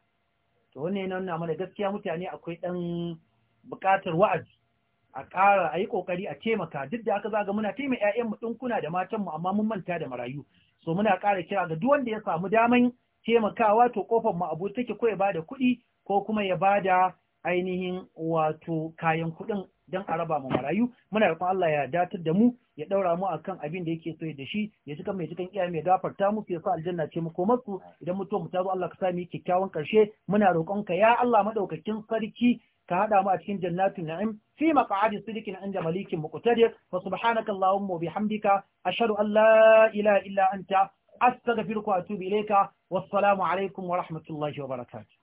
to wannan yana nuna mana gaskiya mutane akwai ɗan buƙatar wa'azi a ƙara a yi ƙoƙari a taimaka duk da aka zaga muna taimaka ‘ya'yanmu ɗinkuna da matanmu amma mun manta da marayu so muna ƙara kira ga duk wanda ya samu daman taimakawa to ƙofar mu abu take ko ya bada kuɗi ko kuma ya bada ainihin wato kayan kuɗin don a raba mu marayu muna roƙon Allah ya datar da mu ya daura mu akan abin da yake so da shi ya cika mai cikin iya mai gafarta musu ya sa aljanna ce mu su idan mutum mu ta zo Allah ka sa mu kyakkyawan karshe muna roƙon ka ya Allah madaukakin sarki ka hada mu a cikin jannatin na'im fi maq'adi sidiqin inda malikin muqtadir wa subhanaka allahumma wa bihamdika ashhadu an la ilaha illa anta astaghfiruka wa atubu ilayka wassalamu alaikum wa rahmatullahi wa barakatuh